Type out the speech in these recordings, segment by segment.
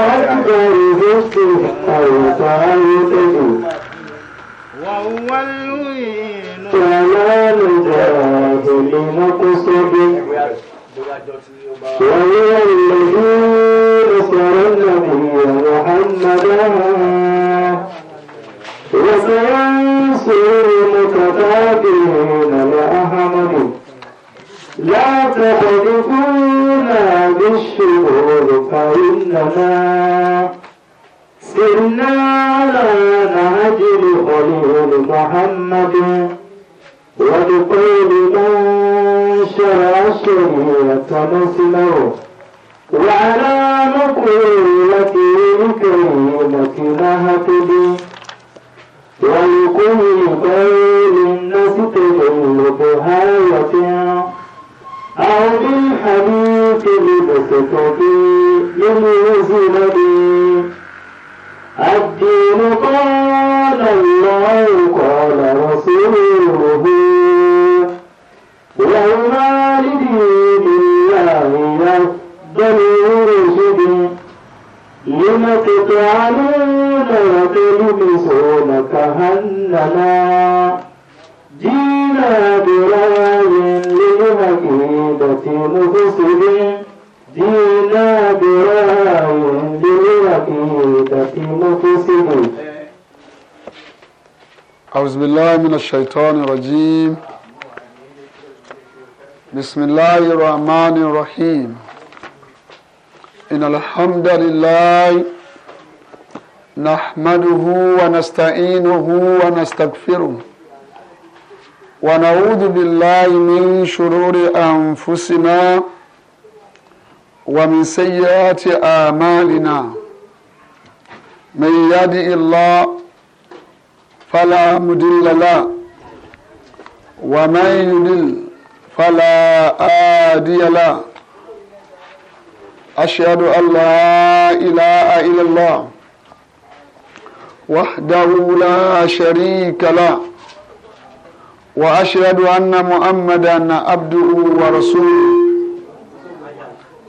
لا تخلفوا الشهور فإننا سرنا على نهج خليل محمد وبقول من شرع شريعة مسلم وعلى مقولته الكريمة نهتدي ولكل قول نستدل بهاية أو بالحديث تستطيع نزلا الدين قال الله قال رسوله وما لدين الله يفضل رشد لم تطعنون وتلبسون كهننا جينا براي للمكيدة مفسدين جئنا براء للعقيدة مقسم أعوذ بالله من الشيطان الرجيم بسم الله الرحمن الرحيم إن الحمد لله نحمده ونستعينه ونستغفره ونعوذ بالله من شرور أنفسنا ومن سيئات آمالنا من يهده الله فلا مضل له ومن يدل فلا هادي له أشهد أن لا إله إلا الله وحده لا شريك له وأشهد أن محمدا عبده ورسوله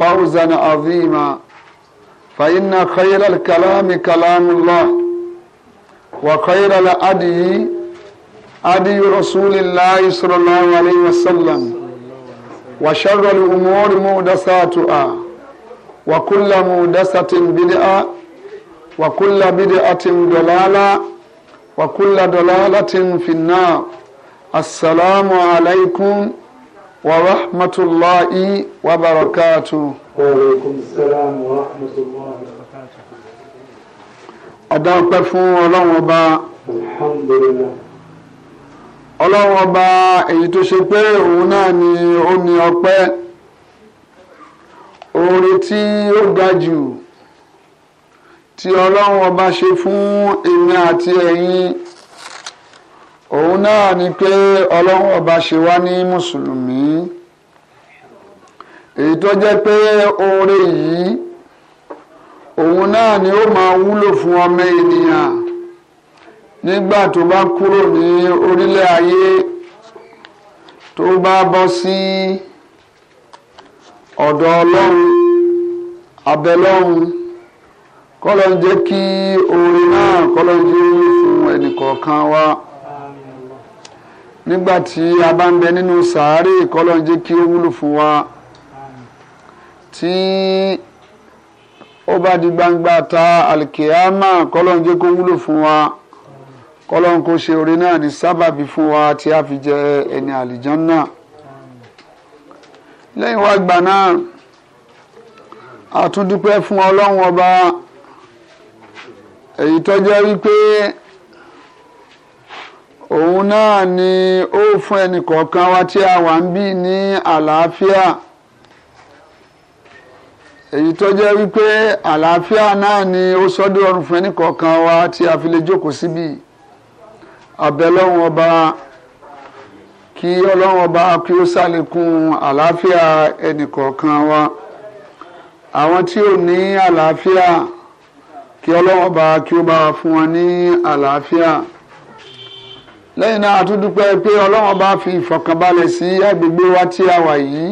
فوزا عظيما فإن خير الكلام كلام الله وخير الأدي أدي رسول الله صلى الله عليه وسلم وشر الأمور مودساتها وكل مودسة بدعة وكل بدعة ضلالة وكل ضلالة في النار السلام عليكم ورحمة الله وبركاته وعليكم السلام ورحمة الله وبركاته أدعوك فون ولو وبا الحمد لله ọlọ́run ọba èyí tó ṣe pé òun náà ni ó ní ó ga jù tí ọlọ́run ọba ṣe fún èmi àti ẹ̀yin òun náà ni pé ọlọ́run ọba ṣe wá ní mùsùlùmí èyí tó jẹ́ pé oore yìí òun náà ni ó máa wúlò fún ọmọ ènìyàn nígbà tó bá kúrò ní orílẹ̀ ayé tó bá bọ́ sí ọ̀dọ̀ ọlọ́run abẹ́lọ́run kọ́lọ́ ń jẹ́ kí oore náà kọ́lọ́ ń jẹ́ fún ẹnìkọ̀ọ̀kan wa. nígbà tí a bá ń bẹ nínú sàárè kọ́lọ́ ń jẹ́ kí ó wúlò fún wa tí ó bá di gbangba ta alikiyama kọ́lọ́ ń jẹ́ kó wúlò fún wa kọ́lọ́ ṣe oore náà ní sábàbí fún wa tí a fi jẹ ẹni àlìjànnà lẹ́yìn wá gbà náà a fún ọlọ́run ọba èyí tó wípé òun náà ni ó fún ẹnì kọ̀ọ̀kan wa tí a wà ń bí ní àlàáfíà èyí tó jẹ́ wípé àlàáfíà náà ni ó sọ́dọ̀ ọ̀run fún ẹnì kọ̀ọ̀kan wa tí a fi lè jókòó síbi àbẹ̀lọ́run ọba kí ọlọ́run ọba kí ó ṣàlékún àlàáfíà ẹnì wa àwọn tí ò ní àlàáfíà kí ọlọ́run ọba kí ó bá fún wọn ní àlàáfíà lẹ́yìn náà a tún dúpẹ́ pé ọlọ́run bá fi ìfọ̀kànbalẹ̀ sí agbègbè wa tí a wà yìí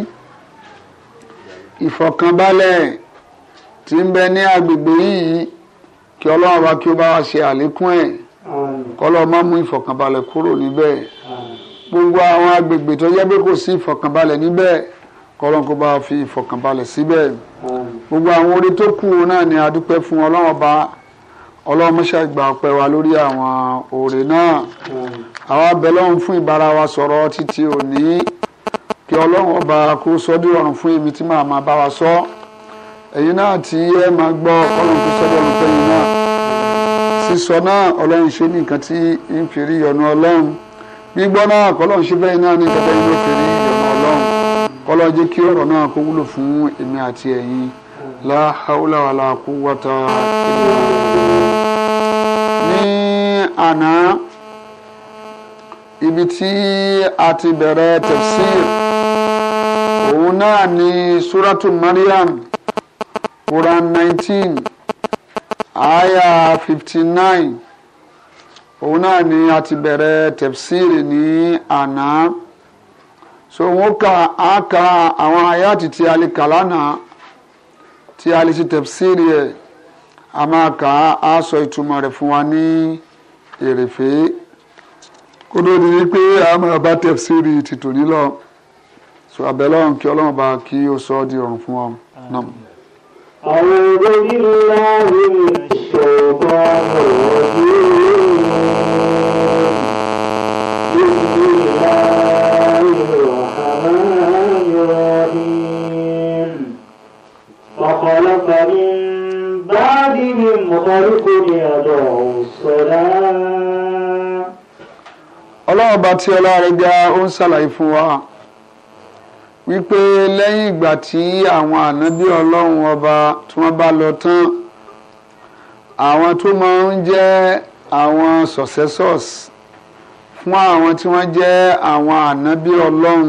ìfọ̀kànbalẹ̀ tí ń bẹ ní agbègbè yìí kí ọlọ́run bá kí ó bá wa ṣe àlékún ẹ̀ kọ́lọ́ má mú ìfọ̀kànbalẹ̀ kúrò níbẹ̀ gbogbo àwọn agbègbè tó yẹ pé kò sí ìfọ̀kànbalẹ̀ níbẹ̀ kọ́lọ́n kó bá fi ìfọ̀kànbalẹ̀ síbẹ̀ gbogbo àwọn orí tó kù náà ni a dúpẹ́ fún ọlọ́run bá ọlọ́mọṣẹ́ gba ọpẹ́ wa lórí àwọn oore náà àwa bẹ̀ lọ́hùn fún ìbára wa sọ̀rọ̀ títí òní kí ọlọ́run ọba kó sọ́dún ọ̀run fún èmi tí màá máa bá wa sọ ẹ̀yin náà tí ẹ máa gbọ́ ọlọ́run kó sọ́dún ọ̀run fẹ́yìn náà sísọ náà ọlọ́run ṣe ní nǹkan tí ń fi rí ọ̀nà ọlọ́run náà kọ́lọ́run ṣe fẹ́yìn náà ní nǹkan tẹ́yìn ló fi rí ọ̀nà ọlọ́run kọ́lọ́run kí ọ̀rọ̀ náà kó wúlò fún èmi àti ẹ̀yin la haula wala quwwata illa ní àná ibi tí a ti bẹ̀rẹ̀ tafsir òun náà ni suratu Maryam Quran nineteen aya fifty nine òun náà ni a ti bẹ̀rẹ̀ tafsir ní àná so wọn ka a ka àwọn ayáàtì tí a lè kà lánàá tí a lè ṣe tafsir yẹn a máa kà á sọ ìtumọ̀ rẹ̀ fún wa ní èrèfé kó tó di wípé a máa bá tẹ̀síìrì tìtò nílọ sọ àbẹ̀lọ́run kí ọlọ́run bá kí ó sọ ọ́ di ọ̀run fún ọ náà. أعوذ بالله من الشيطان الرجيم mọ̀mọ́rúkú ni ọ̀dọ̀ sọ̀rọ̀. ọlọ́run bá tí ọlọ́run gbá ó ń ṣàlàyé fún wa wípé lẹ́yìn ìgbà tí àwọn ànábí ọlọ́run ọba tí wọ́n bá lọ tán àwọn tó máa ń jẹ́ àwọn successors fún àwọn tí wọ́n jẹ́ àwọn ànábí ọlọ́run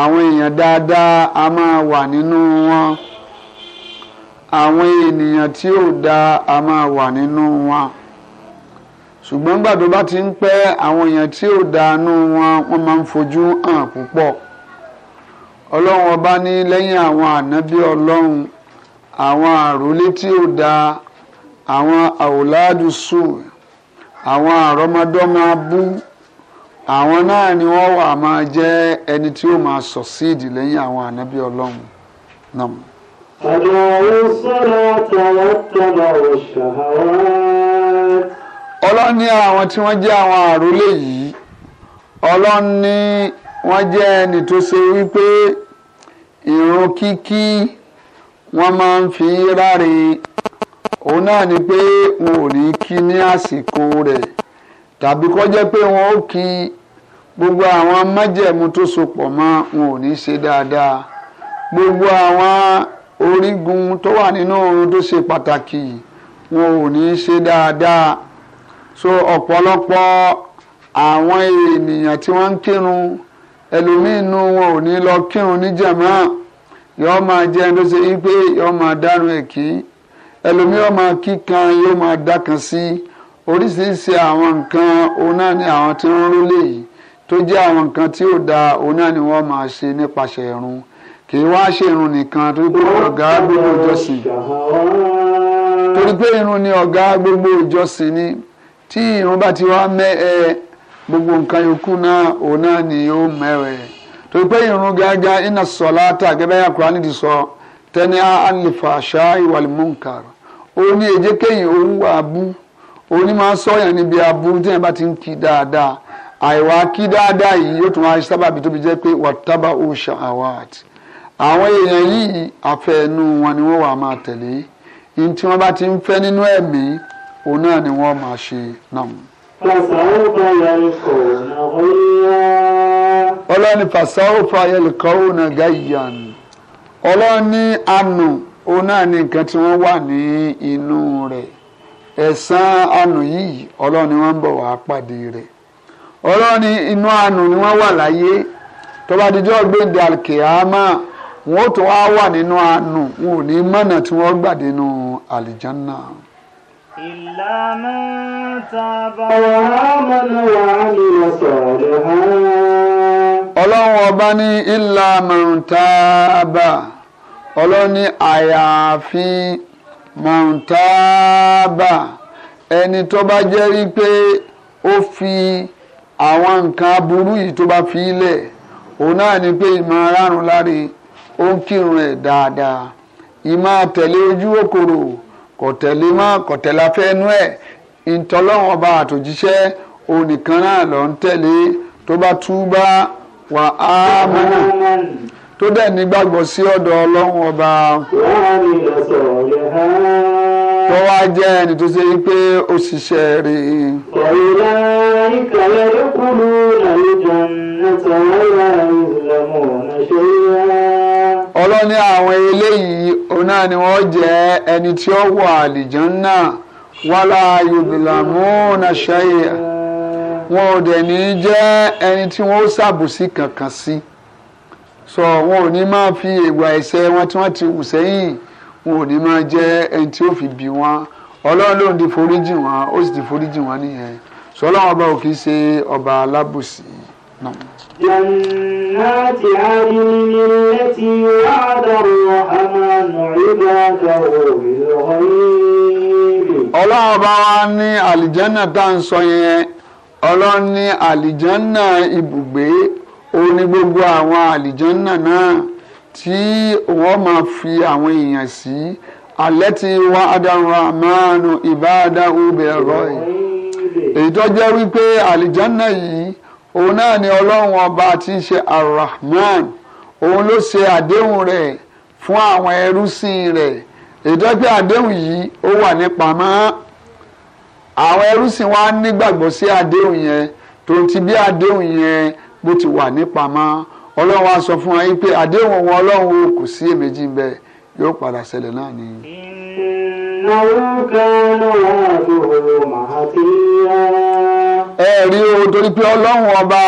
àwọn èèyàn dáadáa a máa wà nínú wọn. No, àwọn ènìyàn tí ò dáa a máa wà nínú wọn ṣùgbọ́n nígbà tó bá ti ń pẹ́ àwọn èèyàn tí ò dáa nú wọn wọ́n máa ń fojú hàn púpọ̀ ọlọ́run ọba ní lẹ́yìn àwọn ànábí ọlọ́run àwọn àròlé tí ò dáa àwọn àwòládùsù àwọn àrọ́mọdọ́mọ abú àwọn náà ni wọ́n wà máa jẹ́ ẹni tí ó máa sọ̀síìdì lẹ́yìn àwọn ànábí ọlọ́run náà. أدعوا الصلاة واتبعوا الشهوات ọlọ́run ní àwọn tí wọ́n jẹ́ àwọn àròlé yìí ọlọ́run ní wọ́n jẹ́ ẹni tó ṣe wípé ìrun kíkí wọ́n máa ń fi ráre òun náà ni pé wọn ò ní kí ní àsìkò rẹ̀ tàbí kó jẹ́ pé wọ́n ó kí gbogbo àwọn májẹ̀mú tó so pọ̀ mọ́ wọn ò ní ṣe dáadáa gbogbo àwọn orígun tó wà nínú oorun tó ṣe pàtàkì wọn ò ní ṣe dáadáa so ọ̀pọ̀lọpọ̀ àwọn ènìyàn tí wọ́n ń kírun ẹlòmíínú wọn ò ní lọ kírun níjàmá yọọ máa jẹ ẹni tó ṣe yí pé yọọ máa dárun èkì ẹlòmíín máa kíkan yóò máa dákan sí oríṣiríṣi àwọn nǹkan òun náà ni àwọn tí wọ́n ń rólé yìí tó jẹ́ àwọn nǹkan tí ò dáa òun náà ni wọ́n máa ṣe nípasẹ̀ ẹ̀rùn kì í wá ṣe irun nìkan torí pé ọ̀gá gbogbo ìjọsìn torí pé irun ni ọ̀gá gbogbo ìjọsìn ni tí irun bá ti wá mẹ́ ẹ gbogbo nǹkan yòókù náà òun náà ni yóò mẹ́rẹ̀ torí pé irun gágá iná sọ látà gẹ́gẹ́ bí Kùránì ti sọ tẹ́ni àlìfà ṣá ìwàlì munkar ó ní èjé kéyìn òun wà bú òun ní máa sọ yẹn níbi aburú tí yẹn bá ti ń kí dáadáa àìwá kí dáadáa yìí yóò tún wá sábàbí tó jẹ́ pé wàtábà ó ṣàwáàtì àwọn èèyàn yìí afẹ́ ẹnu wọn ni wọ́n wà máa tẹ̀lé ní tí wọ́n bá ti ń fẹ́ nínú ẹ̀mí òun náà ni wọ́n máa ṣe náà. fàṣàwùfà yẹlẹkọ ọ̀nà ọ̀yá. ọlọ́ni fàṣàwùfà yẹlẹkọ ọ̀nà gàyàn ọlọ́ni àánú òun náà ni nǹkan tí wọ́n wà ní inú rẹ̀ ẹ̀san àánú yìí ọlọ́ni wọ́n ń bọ̀ wá pàdé rẹ̀ ọlọ́ni inú àánú ni wọ́n wà láyé tó bá dijọ́ gbẹ̀dẹ̀ àlùkìyámà wọn ó tó wá wà nínú àánú wọn ò ní mọ̀nà tí wọ́n gbà nínú àlìjánná. ìlànà tàbá ọmọdé wà ọlọ́run ọba ní ìlà mọ̀ntàbà ọlọ́run ní àyàfi mọ̀ntàbà ẹni tó bá jẹ́ rí pé ó fi àwọn nǹkan aburú yìí tó bá fi ilẹ̀ òun náà ni pé ìmọ̀ aráàrùn láre ó ń kírun ẹ̀ dáadáa ìmọ̀ tẹ̀lé ojú òkòrò kò tẹ̀lé mọ́ kò tẹ̀lé afẹ́nú ẹ̀ ìtọ́lọ́wọ́n ọba àtòjíṣẹ́ onìkan náà lọ ń tẹ̀lé tó bá túbá wà á mọ́nà tó dẹ̀ nígbàgbọ́ sí ọ̀dọ̀ ọlọ́run ọba. tó wá jẹ́ ẹni tó ṣe pé ó ṣiṣẹ́ rí i. kọ̀ìlá ìkàlẹ̀ ló kúrú nàlejò náà sọ̀rọ̀ láàrin ìlànà ọ̀nà ṣe é. ọlọ́ni àwọn eléyìí òun ni wọ́n jẹ́ ẹni tí ó wálá wọn ò dẹ̀ ní jẹ́ ẹni tí wọ́n ṣàbùsí kankan sí sọ wọn ò ní máa fi ìwà ẹ̀ṣẹ̀ wọn tí wọ́n ti hù sẹ́yìn wọn ò ní máa jẹ́ ẹni tí ó fi bì wọn ọlọ́run ló di ó sì nìyẹn sọ ọlọ́run ọba ò kì í ṣe ọba جنات عدن التي وعد الرحمن عباده بالغيب ọlọ́run bá wá ní àlìjánà tá à ń sọ yẹn ọlọ́run ní àlìjánà ibùgbé òun ni gbogbo àwọn àlìjánà náà tí wọ́n máa fi àwọn èèyàn sí alẹ́ tí wá adarun àmàánu ìbáadá ubẹ̀ rọ̀ yìí èyí tó jẹ́ wípé àlìjánà yìí òun náà ni ọlọ́run ọba tí ń ṣe arahman òun ló ṣe àdéhùn rẹ̀ fún àwọn ẹrúsìn rẹ̀ ìdọ́gbẹ́ àdéhùn yìí ó wà ní pamọ́ àwọn ẹrúsìn wa nígbàgbọ́ sí àdéhùn yẹn tó ti bí àdéhùn yẹn bó ti wà ní pamọ́ ọlọ́run wa sọ fún wa yín pé àdéhùn òun ọlọ́run kò sí èméjì ń bẹ yóò padà ṣẹlẹ̀ náà ni. ìnáwó kan náà ló máa fi yá rí o torí pé ọlọ́run ọba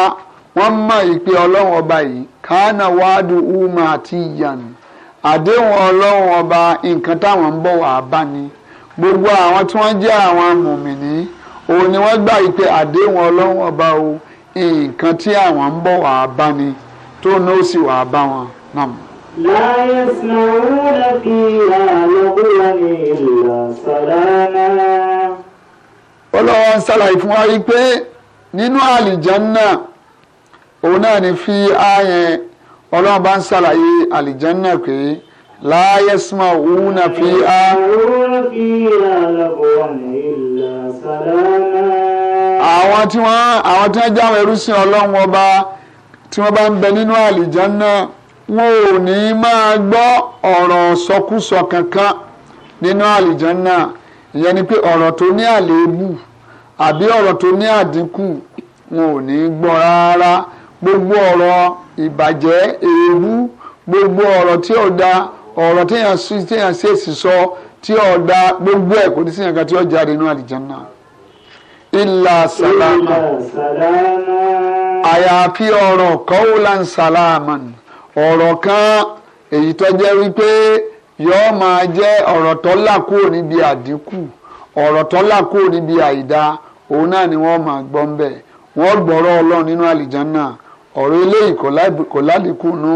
wọ́n mọ̀ ìpè ọlọ́run ọba yìí kánà wàádù uma àti ìyànù àdéhùn ọlọ́run ọba nǹkan táwọn ń bọ̀ wá bá ni gbogbo àwọn tí wọ́n jẹ́ àwọn mùmìnì òun ni wọ́n gbà ìpè àdéhùn ọlọ́run ọba o nǹkan tí àwọn ń bọ̀ wá bá ni tó ní ó sì wá bá wọn náà. لا يسمعون فيها لغوا إلا سلاما. Ọlọ́run ṣàlàyé fún wa yìí pé nínú àlìjánná òun náà ni fi ààyẹn ọlọ́run bá ń ṣàlàyé àlìjánná pé láyé sùnmọ́ òun náà fi á. àwọn tí wọ́n àwọn tí wọ́n jáwọ́ ẹrú sí ọlọ́run ọba tí wọ́n bá ń bẹ nínú àlìjánná wọn ò ní máa gbọ́ ọ̀rọ̀ sọkúsọ kankan nínú àlìjánná ìyẹn ni pé ọ̀rọ̀ tó ní àléébù àbí ọ̀rọ̀ tó ní àdínkù wọn ò ní gbọ́ rárá gbogbo ọ̀rọ̀ ìbàjẹ́ èébú gbogbo ọ̀rọ̀ tí ò da ọ̀rọ̀ téèyàn sí téèyàn sí èsì sọ tí ò da gbogbo ẹ̀ kò ní sí nǹkan tí ó jáde nínú àlìjánnà. ìlà sàlámà àyàfi ọ̀rọ̀ kọ́wúlà sàlámà ọ̀rọ̀ kan èyí tó jẹ́ wípé yọ́ọ́ máa jẹ́ ọ̀rọ̀ tó là kúrò níbi àdínkù ọ̀rọ̀ tó là kúrò níbi àìdáa òun náà ni wọ́n máa gbọ́ ń wọn wọ́n gbọ́rọ̀ ọlọ́run nínú àlìjánà ọ̀rọ̀ eléyìí kò ládìkùnú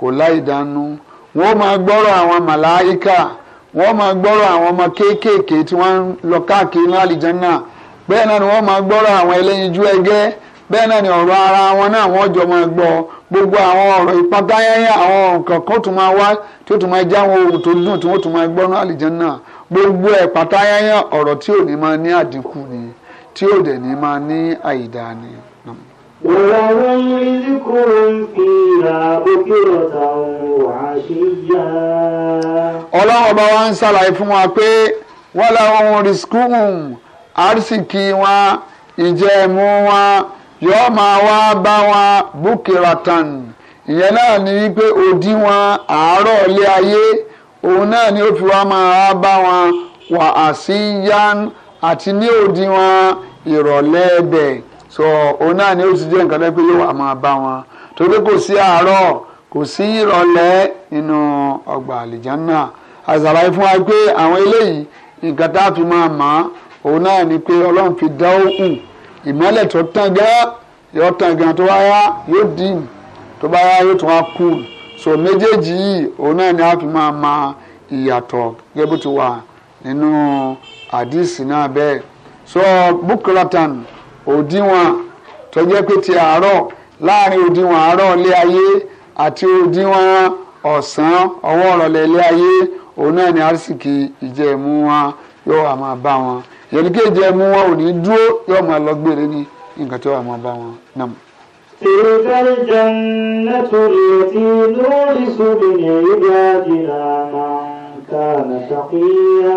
kò láìdánú wọ́n máa gbọ́rọ̀ àwọn màláíkà wọ́n máa gbọ́rọ̀ àwọn ọmọ kéékèèké tí wọ́n lọ káàkiri ní àlìjánà bẹ́ẹ̀ náà ni máa gbọ́rọ̀ àwọn ẹlẹ́yinjú ẹgẹ́ bẹ́ẹ̀ náà ara wọn náà wọ́n jọ máa gbọ́ gbogbo àwọn ọ̀rọ̀ àwọn nǹkan kan máa wá tí ó tún máa já ohun tó dùn tí wọ́n gbogbo ọ̀rọ̀ tí ò ní máa ní àdínkù tí ò dẹ̀ ní máa ní àìdá ni. Wọ́n ní kò ń fi ra òkè ọ̀tà òun àṣeyá. Ọlọ́run ọba wa ń ṣàlàyé fún wa pé wọ́n láwọn rìskúùn àrísìkì wọn ìjẹ̀mú wọn yóò máa wá bá wọn búkìrọ̀tàn ìyẹn náà ní pé òdiwọ̀n àárọ̀ ilé ayé òun náà ni ó fi wá máa bá wọn wà á sí yán. àti ní òdiwọ̀n ìrọ̀lẹ́ ẹ̀bẹ̀ sọ òun náà ni ó ti jẹ́ nǹkan yóò wà máa bá wọn torí kò sí àárọ̀ kò sí ìrọ̀lẹ́ nínú ọgbà àlìjánà àṣàlàyé fún wa pé àwọn eléyìí a fi máa mọ̀ òun fi dá ìmọ́lẹ̀ tó yóò tó bá yá yóò tó bá yá yóò tún wá so méjèèjì yìí àdìsí náà bẹ́ẹ̀ sọ bukratan òdiwọ̀n tó jẹ́ pé ti àárọ̀ láàrin òdiwọ̀n àárọ̀ ilé ayé àti òdiwọ̀n ọ̀sán ọwọ́ ọ̀rọ̀lẹ̀ ilé ayé òun náà ni arísìkì ìjẹ̀mú wọn yóò wà máa bá wọn yẹn kí ìjẹ̀mú wọn ò ní dúró yóò máa lọ gbére ní nǹkan tó wà máa bá wọn náà. تلك الجنة التي نورث من عبادنا kana taqiya.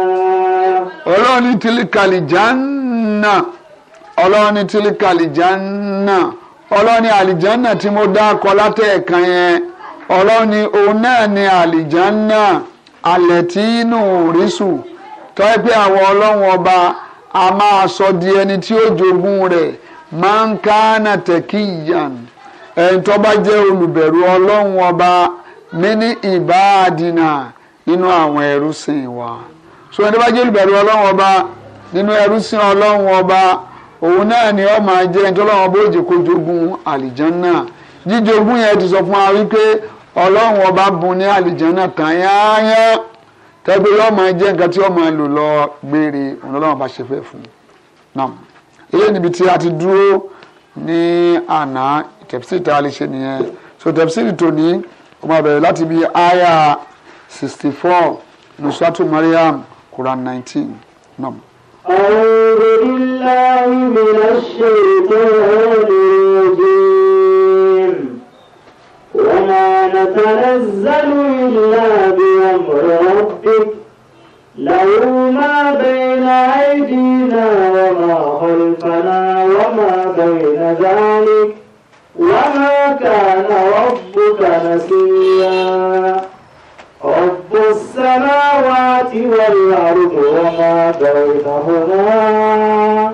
ọlọ́run ní tìlíkàlì jánà ọlọ́run ní jánà ọlọ́run àlìjánà tí mo dá akọ látẹ̀ẹ̀kan yẹn ọlọ́run ní òun náà ní àlìjánà alẹ̀ tí inú rísù tọ́ àwọn ọlọ́run ọba a máa sọ di ẹni tí ó jogún rẹ̀ máa ń kánà tẹ̀kíyàn ẹni tó bá jẹ́ olùbẹ̀rù ọlọ́run ọba níní ìbáàdínà nínú àwọn ẹrúsìn wa so ẹni bá jẹ́ olùbẹ̀rù ọlọ́run ọba nínú ẹrúsìn ọlọ́run ọba òun náà ni ó máa jẹ́ ẹni tó lọ́wọ́ bó jẹ́ kó jogún àlìjánná jíjogún yẹn ti sọ fún wa wípé ọlọ́run ọba bùn ní àlìjánná tán yáyá tẹ́gbẹ́ yóò máa jẹ́ nǹkan tí yóò máa lò lọ gbére òun lọ́wọ́ ṣe fẹ́ fún un èyí níbi tí a ti dúró ní àná tẹ̀písì tá lè ṣe nìyẹn so tẹ̀písì tòní ó máa bẹ̀rẹ̀ láti bí áyà sixty four nusratu mariam quran nineteen nam. أعوذ بالله من الشيطان الرجيم وما نتنزل إلا بأمر ربك له ما بين أيدينا وما خلفنا وما بين ذلك وما كان ربك نسيا رب السماوات والأرض وما بينهما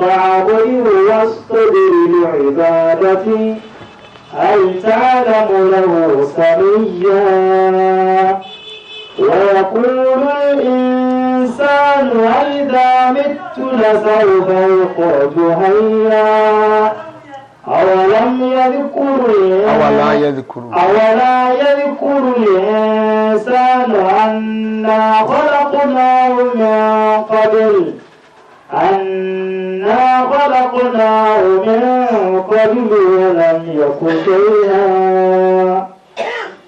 فاعبده واصطبر لعبادتي هل تعلم له سميا ويقول الإنسان أئذا مت لسوف يخرج هيا أولم يذكر أولا يذكر أولا يذكر الإنسان أنا خلقناه من قبل أنا خلقناه من قبل ولم يك شيئا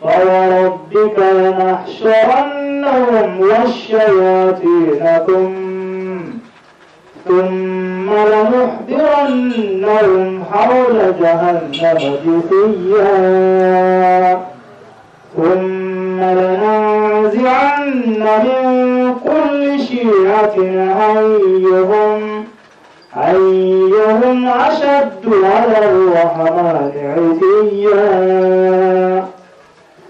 فوربك لنحشرنهم والشياطين ثم ثم لنحضرنهم حول جهنم جثيا ثم لننزعن من كل شيعة أيهم أيهم أشد على الرحمن عتيا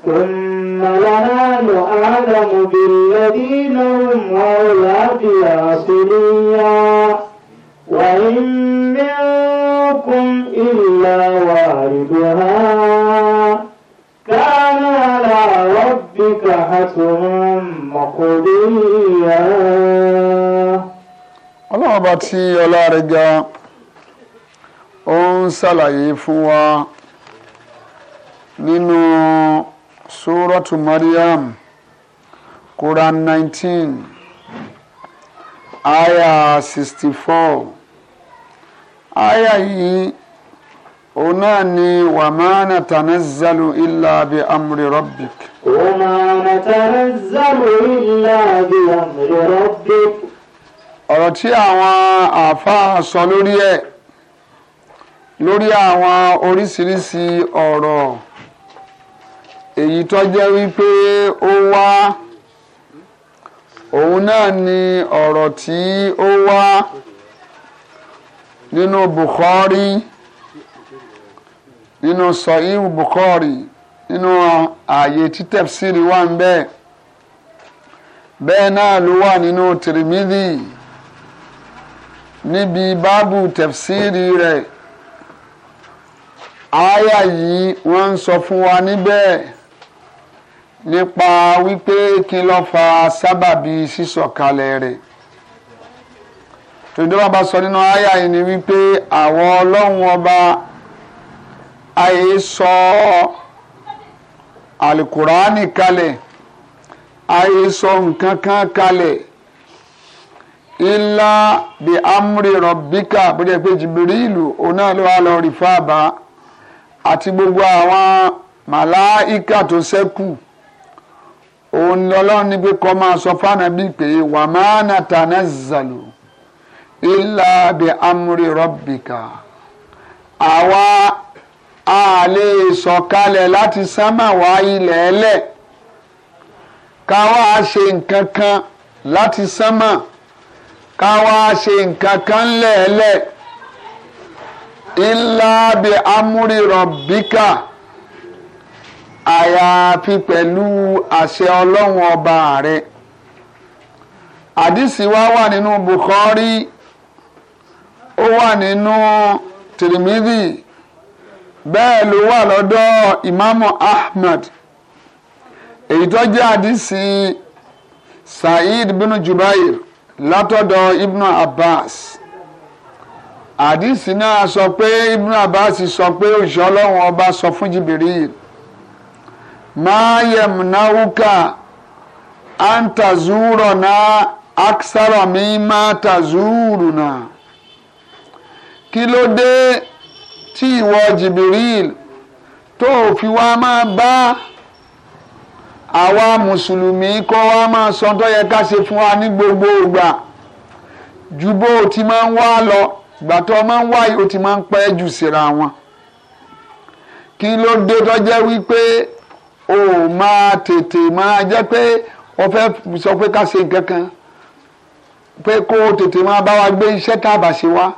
ثم ثم لنحن أعلم بالذين هم أولى بها وإن منكم إلا واردها كان على ربك حتما مقضيا ọlọ́run ọba tí ọlá rẹ̀ ga ó ń ṣàlàyé fún wa nínú suratu Maryam Quran nineteen aya sixty four aya yìí òun náà ni wàmà natanazzalu illa bi amri rabbik. wàmà natanazzalu illa bi amri rabbik. ọ̀rọ̀ tí àwọn àáfàá sọ lórí ẹ̀ lórí àwọn oríṣiríṣi ọ̀rọ̀ èyí tó jẹ́ wípé ó wá òun náà ni ọ̀rọ̀ tí ó wá nínú Bukhari nínú Sahih Bukhari nínú ààyè tí tafsiri wà ń bẹ́ẹ̀ bẹ́ẹ̀ náà ló wà nínú Tirmidhi níbi báàbù tafsiri rẹ̀ àáyà yìí wọ́n ń sọ fún wa níbẹ̀ nípa wípé kí ló fa sábàbí sísọ̀kalẹ̀ rẹ̀ tòdúrà sọ nínú àyà yìí ni wípé àwọn ọlọ́run ọba àyè sọ àlùkùránì kalẹ̀ àyè sọ nǹkan kan kalẹ̀ ilá bí amúre rọ̀bíkà bó jẹ́ pé jìbìrìlù òun náà ló wà lọ rí fáàbà àti gbogbo àwọn màláìkà tó ṣẹ́kù òun ni ọlọ́run ní pé kọ́ máa sọ fánàbí pé wà máa nà tànà zàlù ilà bí amúrí rọ́bìkà àwa a lè sọ̀kalẹ̀ láti sánmà wá ilẹ̀ ẹlẹ̀ káwa ṣe nǹkan kan láti sánmà káwa ṣe nǹkan kan lẹ́ẹ̀lẹ̀ ilà bí amúrí rọ́bìkà àyàfi pẹ̀lú àṣẹ ọlọ́run ọba rẹ àdìsí wa wà nínú Bukhari ó wà nínú Tirmidhi bẹ́ẹ̀ ló wà lọ́dọ̀ Ìmáàmù Ahmad èyí tó jẹ́ àdìsí Sa'id bin Jubair látọ̀dọ̀ Ibn Abbas àdìsí náà sọ pé Ibn Abbas sọ pé òṣìṣẹ́ ọlọ́run ọba sọ fún Jibril yìí ma yamnauka antazurona aksara mimma tazuruna kí ló dé tí ìwọ Jibril tó fi wá máa bá àwa mùsùlùmí kọ́ wá máa sọ tó yẹ ká ṣe fún wa ní gbogbo ìgbà ju bó o ti máa ń wá lọ ìgbà tó o máa ń wá o ti máa ń pẹ́ jù síra wọn kí ló dé tó jẹ́ wípé o máa tètè máa jẹ́ pé wọ́n fẹ́ sọ pé ká ṣe nǹkan kan pé kó o tètè máa bá wa gbé iṣẹ́ tá a bá ṣe wá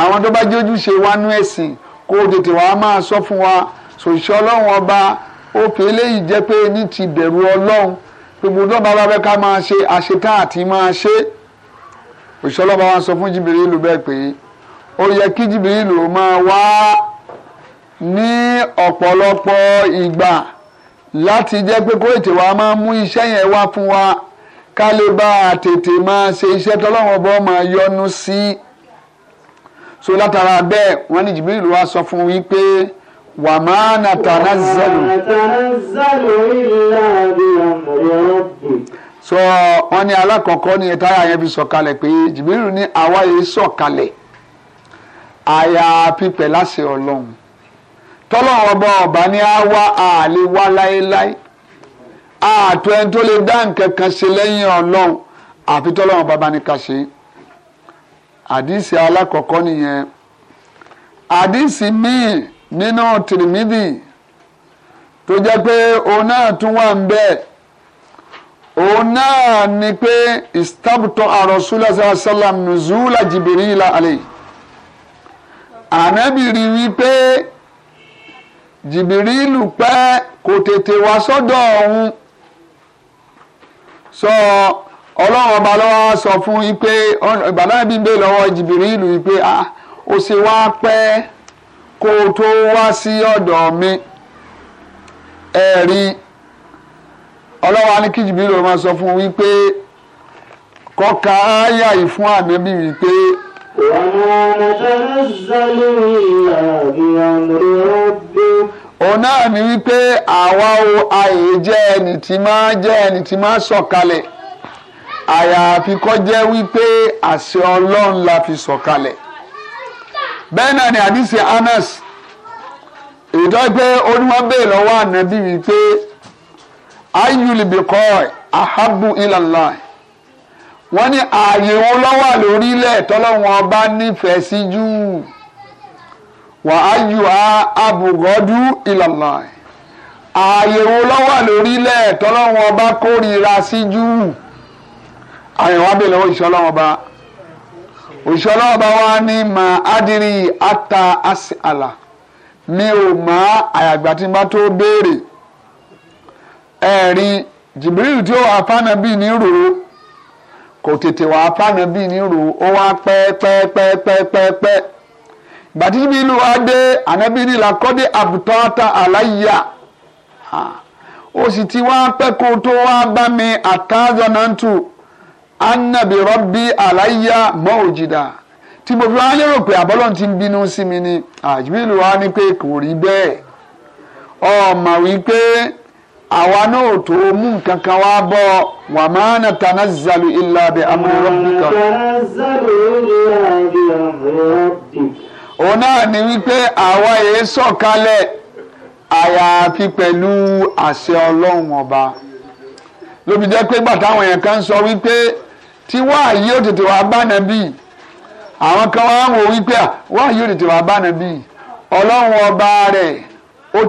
àwọn tó bá jẹ́ ojúṣe wa nú ẹ̀sìn kó o tètè wá máa sọ fún wa sòṣìṣẹ́ ọlọ́run ọba ó fi eléyìí jẹ́ pé ní ti bẹ̀rù ọlọ́run gbogbo tó bá wá fẹ́ ká máa ṣe àṣetá àti máa ṣe òṣìṣẹ́ ọlọ́ba wa sọ fún Jibrilu bẹ́ẹ̀ pé ó yẹ kí Jibrilu máa wá ní ọ̀pọ̀lọpọ̀ ìgbà láti jẹ́ pé kó ètè wa máa mú iṣẹ́ yẹn wá fún wa ká lè bá a tètè máa ṣe iṣẹ́ tọ́lọ́wọ́ bọ́ máa yọnu sí so látara bẹ́ẹ̀ wọ́n ní jìbìrì ló wá sọ fún wí pé wà máa nà tànà zẹ́lù. so wọ́n ní alákọ̀ọ́kọ́ ní ẹ̀táyà yẹn fi sọ̀kalẹ̀ pé jìbìrì ní àwa yìí sọ̀kalẹ̀ àyàfi pẹ̀ láṣẹ ọlọ́run tọ́lọ́wọ́ bá ọba ní á wá àlè wá láéláé àtọ ẹni tó lè dá nǹkan kan ṣe lẹ́yìn ọlọ́run àfi tọ́lọ́wọ́ bá bá ní ká ṣe àdìsí alákọ̀ọ́kọ́ nìyẹn àdìsí míì nínú tìrìmídì tó jẹ́ pé òun náà tún wà ń bẹ́ẹ̀ òun náà ni pé istabto arosula sallam nuzula jibirila alayhi ànábì rí wípé jìbìrìlù pẹ́ kò tètè wá sọ́dọ̀ ọ̀hún sọ ọlọ́run ọba lọ́wọ́ sọ fún yín pé ìbàdàn ẹbí gbé lọ́wọ́ jìbìrìlù yìí pé ah ó ṣe wá pẹ́ kó o tó wá sí ọ̀dọ̀ mi ẹ̀rí ọlọ́wọ́ á máa sọ fún wípé kọ́ka ááyà yìí fún àmì bíi wípé وما ni wípé àwa o àyè jẹ́ ẹni tí máa jẹ́ ẹni tí máa sọ̀kalẹ̀ àyàfi kó wípé àṣẹ ọlọ́run la fi sọ̀kalẹ̀ bẹ́ẹ̀ náà ni àdìsí Anas ìjọ pé bẹ́ẹ̀ lọ́wọ́ ànábì wípé ayulibi kọ́ ahabu ilallah wọ́n ní ààyè wo lọ́wọ́ lórílẹ̀ tọ́lọ́wọ́n ọba nífẹ̀ẹ́ sí jù á yù á abùgọ́dú ìlànà ààyè wo lọ́wọ́ lórílẹ̀ tọ́lọ́wọ́n ọba kórìíra sí jù àyẹ̀wò abẹ́lẹ̀ òṣìṣẹ́ ọlọ́wọ́n ọba òṣìṣẹ́ ọlọ́wọ́n ọba wa ní mà ádìrí ata àlà mi ò mọ àyàgbà tí n bá tó béèrè ẹ̀rí jìbìrìlù tí ó wà fánàbí ní ròó. kò tètè wá pàànà bíi nírú ó wá pẹ́ẹ́pẹ́ẹ́pẹ́ẹ́pẹ́ gbàtí bíi ìlú wa dé ànábì ní làkọ́dé àbùtọ́ta àláyà ó sì ti wá pẹ́ kó tó wá bá mi àtàzọ́nàntù ànábì rọ́bì àláyà mọ́ òjìdá tí mo fi wá lérò pé àbọ́lọ́n ti ń bínú sí mi ni àjùbí ìlú wa ní pé kò rí bẹ́ẹ̀ ọmọ wípé. àwa náà tó mú nǹkan kan wá bọ́ wà máa nà tànà zàlù ilà bẹ amúrò nìkan. òun náà ni wípé àwa yìí sọ̀kalẹ̀ àyàfi pẹ̀lú àṣẹ ọlọ́run ọba lóbi jẹ́ pé gbàtà àwọn èèyàn kan sọ wípé tí wáàyí ò tètè wàá bá nàbí àwọn kan wá wò wípé wáàyí ò tètè wàá bá nàbí ọlọ́run ọba rẹ̀ ó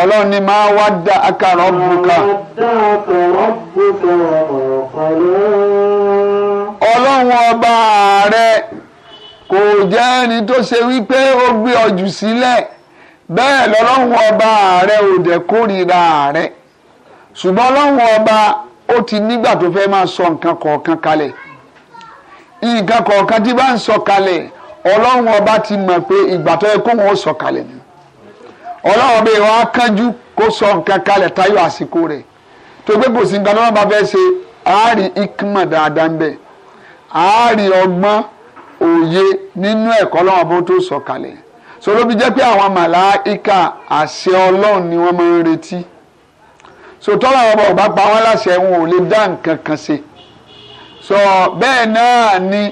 ọlọ́run ni máa wá dá akárọ̀ bùkà. ọlọ́run ọba rẹ kò jẹ́ ẹni tó ṣe wípé ó gbé ọjù sílẹ̀ bẹ́ẹ̀ lọ́lọ́run ọba rẹ ò dẹ̀ kórìíra rẹ ṣùgbọ́n ọlọ́run ọba ó ti nígbà tó fẹ́ máa sọ nǹkan kọ̀ọ̀kan kalẹ̀ nǹkan kọ̀ọ̀kan tí bá ń sọ kalẹ̀ ọlọ́run ọba ti mọ̀ pé ìgbà tó yẹ kóhun ó sọ kalẹ̀ ni ọlọ́run bẹ́ẹ̀ wọ́n á kánjú kó sọ nǹkan kalẹ̀ táyọ̀ àsìkò rẹ̀ tó gbé kò sí nǹkan náà bá fẹ́ ṣe àárí ikmọ̀ dáadáa ń bẹ̀ àárí ọgbọ́n òye nínú ẹ̀kọ́ ọlọ́run bó tó sọ kalẹ̀ sọlọ́ bí jẹ́ pé àwọn màláìka àṣẹ ọlọ́run ni wọ́n máa ń retí so tọ́lá ọba ọba pa wọ́n láṣẹ wọn ò lè dá nǹkan kan ṣe so bẹ́ẹ̀ náà ni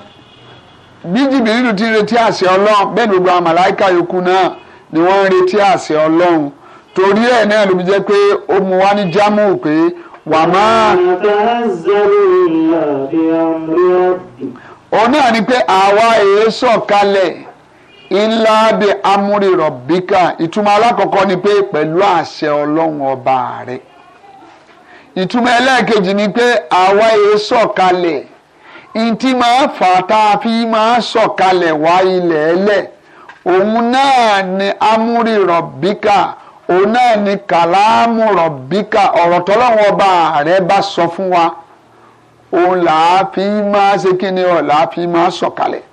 bí jìbìrì ti retí àṣẹ ọlọ́run bẹ́ẹ̀ ni gbogbo àwọn màláìka yòókù náà ni wọ́n ń retí àṣẹ ọlọ́run torí ẹ̀ náà ló fi jẹ́ pé ó mu wá ní jámù pé wà máa. òun náà ni pé àwa èé sọ̀kalẹ̀ ńlá bí amúrí rọ̀bíkà ìtumọ̀ alákọ̀ọ́kọ́ ni pé pẹ̀lú àṣẹ ọlọ́run ọba rẹ̀ ìtumọ̀ ẹlẹ́ẹ̀kejì ni pé àwa èé sọ̀kalẹ̀ ntí máa fà tá a fi máa sọ̀kalẹ̀ wá ilẹ̀ ẹlẹ́ẹ̀ òun náà ni amúrí rọ̀bíkà òun náà ni kàlámù rọ̀bíkà ọ̀rọ̀ tọ́lọ́wọ́n ọba rẹ̀ bá sọ fún wa òun làá máa ṣe kí ni ọ̀ làá máa sọ̀kalẹ̀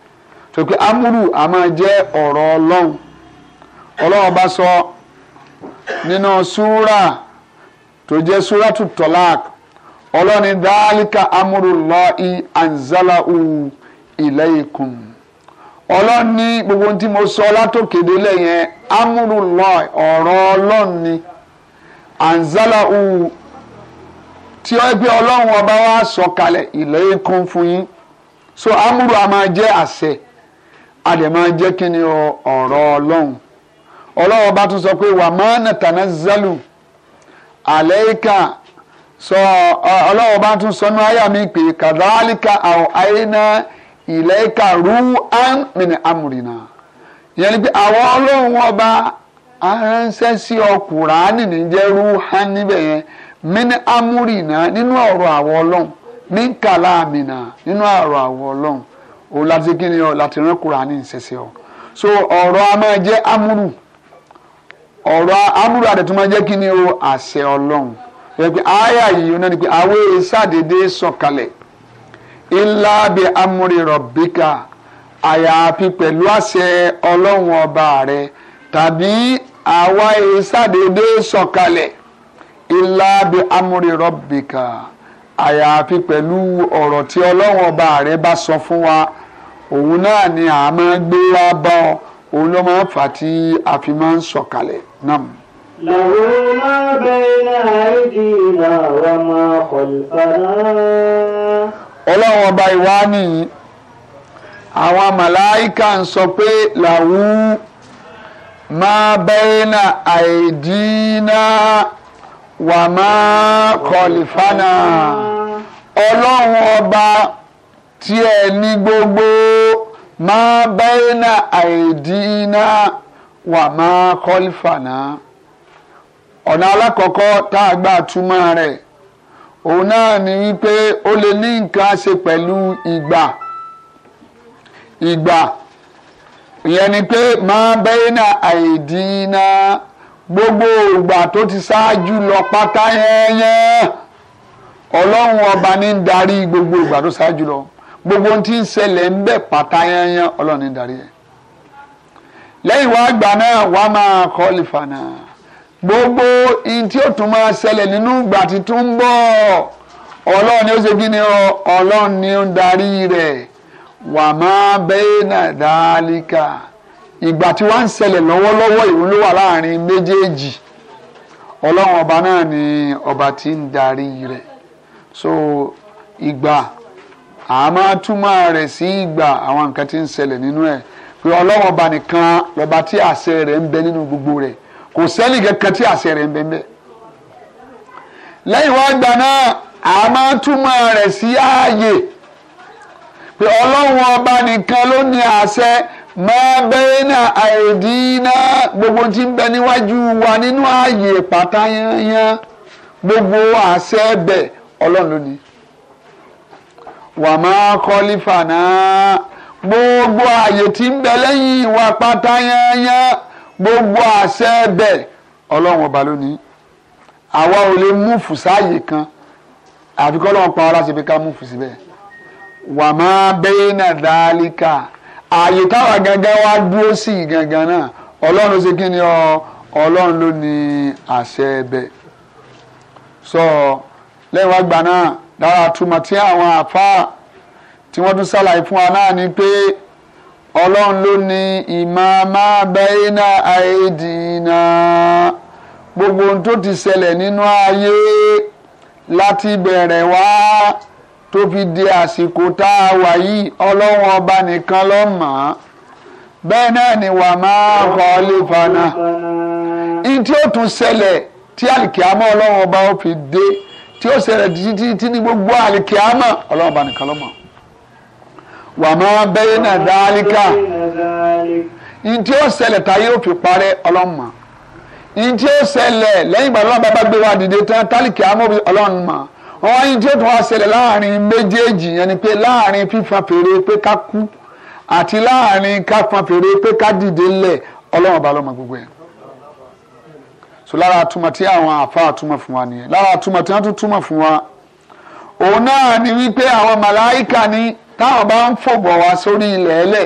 tó pé a máa jẹ́ ọ̀rọ̀ ọlọ́run ọlọ́run bá sọ nínú súrà tó jẹ́ súrà tó tọ́lák ọlọ́ni dálíkà amúrù lọ́ọ́ i ọlọ́run ní gbogbo ohun tí mo sọ látòkèdè lẹ́yìn amúrùlọ ọ̀rọ̀ ọlọ́run ni anzalahu tí ó gbé ọlọ́run ọba wa sọ kalẹ̀ ìlẹ́yìn kan fún yín so a máa jẹ́ àṣẹ a dẹ̀ máa jẹ́ kí ni ọ̀rọ̀ ọlọ́run ọlọ́run ọba tún sọ pé wà máa nà ọba tún sọ mi pé kàdálíkà àwọn ìlẹ́ka rú ámìnì amúrìnà yẹn ni pé àwọn ọlọ́run ọba aránṣẹ́ sí ọ ní jẹ́ rú níbẹ̀ yẹn mini amúrìnà nínú ọ̀rọ̀ àwọn ọlọ́run ní kàlá nínú ọ̀rọ̀ àwọn ọlọ́run O láti kí ni ọ láti rán ọ so ọ̀rọ̀ a máa jẹ́ amúrù ọ̀rọ̀ amúrù àdẹ̀tún máa o àṣẹ ọlọ́run ẹ pé yìí náà ilá bi amúri rọ̀bíkà àyàfi pẹ̀lú àṣẹ ọlọ́run ọba rẹ tàbí àwa ìsàdédé sọ̀kalẹ̀ ilá bi amúri rọ̀bíkà àyàfi pẹ̀lú ọ̀rọ̀ tí ọlọ́run ọba rẹ bá sọ fún wa òun náà ni a máa gbé wá bá ọ òun ló máa fà tí a fi máa ń sọ̀kalẹ̀ náà. له ما بين أيدينا وما خلفنا ọlọ́run ọba ìwá nìyí àwọn màláìka ń sọ pé làwù máa bẹ́ẹ̀nà àìdínà wà máa kọlìfánà ọlọ́run ọba tí ẹ ní gbogbo máa bẹ́ẹ̀nà àìdínà wà máa kọlìfánà ọ̀nà alákọ̀ọ́kọ́ tá a gbà túmọ̀ rẹ̀ òun náà ni wípé ó lè ní nǹkan ṣe pẹ̀lú ìgbà ìgbà ìyẹn ni pé máa bẹ́ẹ̀ náà gbogbo ìgbà tó ti ṣáájú lọ pátá yẹ́nyẹ́n ọlọ́run ọba ní gbogbo ìgbà tó ṣáájú lọ gbogbo ohun tí ń ṣẹlẹ̀ ń bẹ̀ pátá yẹ́nyẹ́n ọlọ́run ní darí ẹ̀ lẹ́yìn gbogbo ihun tí ó tún máa ṣẹlẹ̀ nínú ìgbà títún bọ̀ ọlọ́run ni ó ọ ọlọ́run ni ó ń darí rẹ̀ wà máa bẹ́ẹ̀ náà dáálíkà ìgbà tí wọ́n ń ṣẹlẹ̀ lọ́wọ́lọ́wọ́ ìwọ ló wà méjèèjì ọlọ́run ọba náà ni ọba tí ń darí rẹ̀ so ìgbà àmọ́ túmọ̀ rẹ̀ sí ìgbà àwọn nǹkan ń nínú ẹ̀ pé ọlọ́run ọba tí àṣẹ rẹ̀ bẹ nínú gbogbo rẹ̀ kò sẹ́ni kankan tí àṣẹ rẹ̀ ń bẹ bẹ́ẹ̀. lẹ́yìn wá gbà náà a máa túmọ̀ rẹ̀ sí ààyè pé ọlọ́run ọba nìkan ló ní àṣẹ máa bẹ́ẹ̀ náà àìdí náà gbogbo tí ń bẹ níwájú wa nínú ààyè pátá gbogbo àṣẹ bẹ̀ ọlọ́run ló wà máa kọ́lífà náà gbogbo ààyè tí ń bẹ lẹ́yìn wa pátá gbogbo àṣẹ ẹbẹ̀ ọlọ́run ọba lónìí àwa ò lè mú fùsáàyè kan àfi kọ́ lọ́run pa aláṣẹ pé ká mú fùsí bẹ́ẹ̀ wà má bẹ́ẹ̀ náà dáálíkà ààyè táwa gangan wá dúró sí gangan náà ọlọ́run ṣe kí ni ọ ọlọ́run ló ní àṣẹ ẹbẹ̀ sọ lẹ́yìn wá gbà náà dára túmọ̀ tí àwọn àfáà tí wọ́n tún ṣàlàyé fún wa náà ni pé ọlọ́run ló ní ìmọ̀ máa bẹ́ẹ̀ náà àìdìnnà gbogbo ohun tó ti ṣẹlẹ̀ nínú ayé láti bẹ̀rẹ̀ wá tó fi di àsìkò tá a wà yìí ọlọ́run ọba nìkan ló mọ̀ ọ́ bẹ́ẹ̀ náà ni wà máa kọ́ lè fana ìtí ó tún ṣẹlẹ̀ tí àlìkíámọ́ ọlọ́run ọba ó fi dé tí ó ṣẹlẹ̀ títí ní gbogbo àlìkíámọ́ ọlọ́run ọba nìkan ló mọ̀ ọ́ wà máa bẹ́yìn náà dáálíkà ntí ó ṣẹlẹ̀ táyé ó fi parẹ́ ọlọ́mọ ntí ó ṣẹlẹ̀ lẹ́yìn ìgbà lọ́nà bàbá gbé wa dìde tán tálíkì amóbi ọlọ́mọ wọn ntí ó tún wá ṣẹlẹ̀ láàrin méjèèjì yẹn ni pé láàrin fífa fèrè pé ká kú àti láàrin ká fa fèrè pé ká dìde lẹ̀ ọlọ́mọba lọ́mọ gbogbo yẹn so lára àtúmọ̀ tí àwọn àfa àtúmọ̀ fún wa nìyẹn lára àtúmọ̀ tí wọ́n tún túmọ̀ fún wa òun náà ni wípé àwọn màláìka ni. táwọn bá ń fọ̀bọ̀ wá sórí ilẹ̀ ẹlẹ̀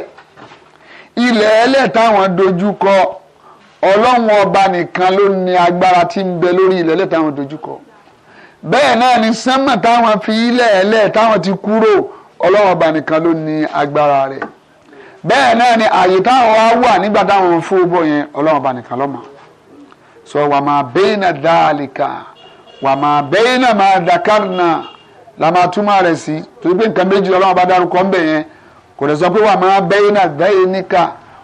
ilẹ̀ ẹlẹ̀ táwọn dojúkọ ọlọ́run ọba nìkan ló ní agbára tí ń bẹ lórí ilẹ̀ ẹlẹ̀ táwọn dojúkọ bẹ́ẹ̀ náà ni sánmà táwọn fi ilẹ̀ ẹlẹ̀ táwọn ti kúrò ọlọ́run ọba nìkan ló ní agbára rẹ̀ bẹ́ẹ̀ náà ni àyè táwọn wá wà nígbà táwọn fún bọ̀ yẹn ọlọ́run ọba nìkan ló mọ̀ sọ wàmà bẹ́ẹ̀ náà dáàlì ká wàmà bẹ́ẹ̀ náà máa dàkárì náà. la máa túmọ̀ rẹ̀ sí torí pé nǹkan méjì ọlọ́run bá dárúkọ ń bẹ̀ yẹn kò lè sọ pé wà máa bẹ́yìn náà bẹ́yìn níkà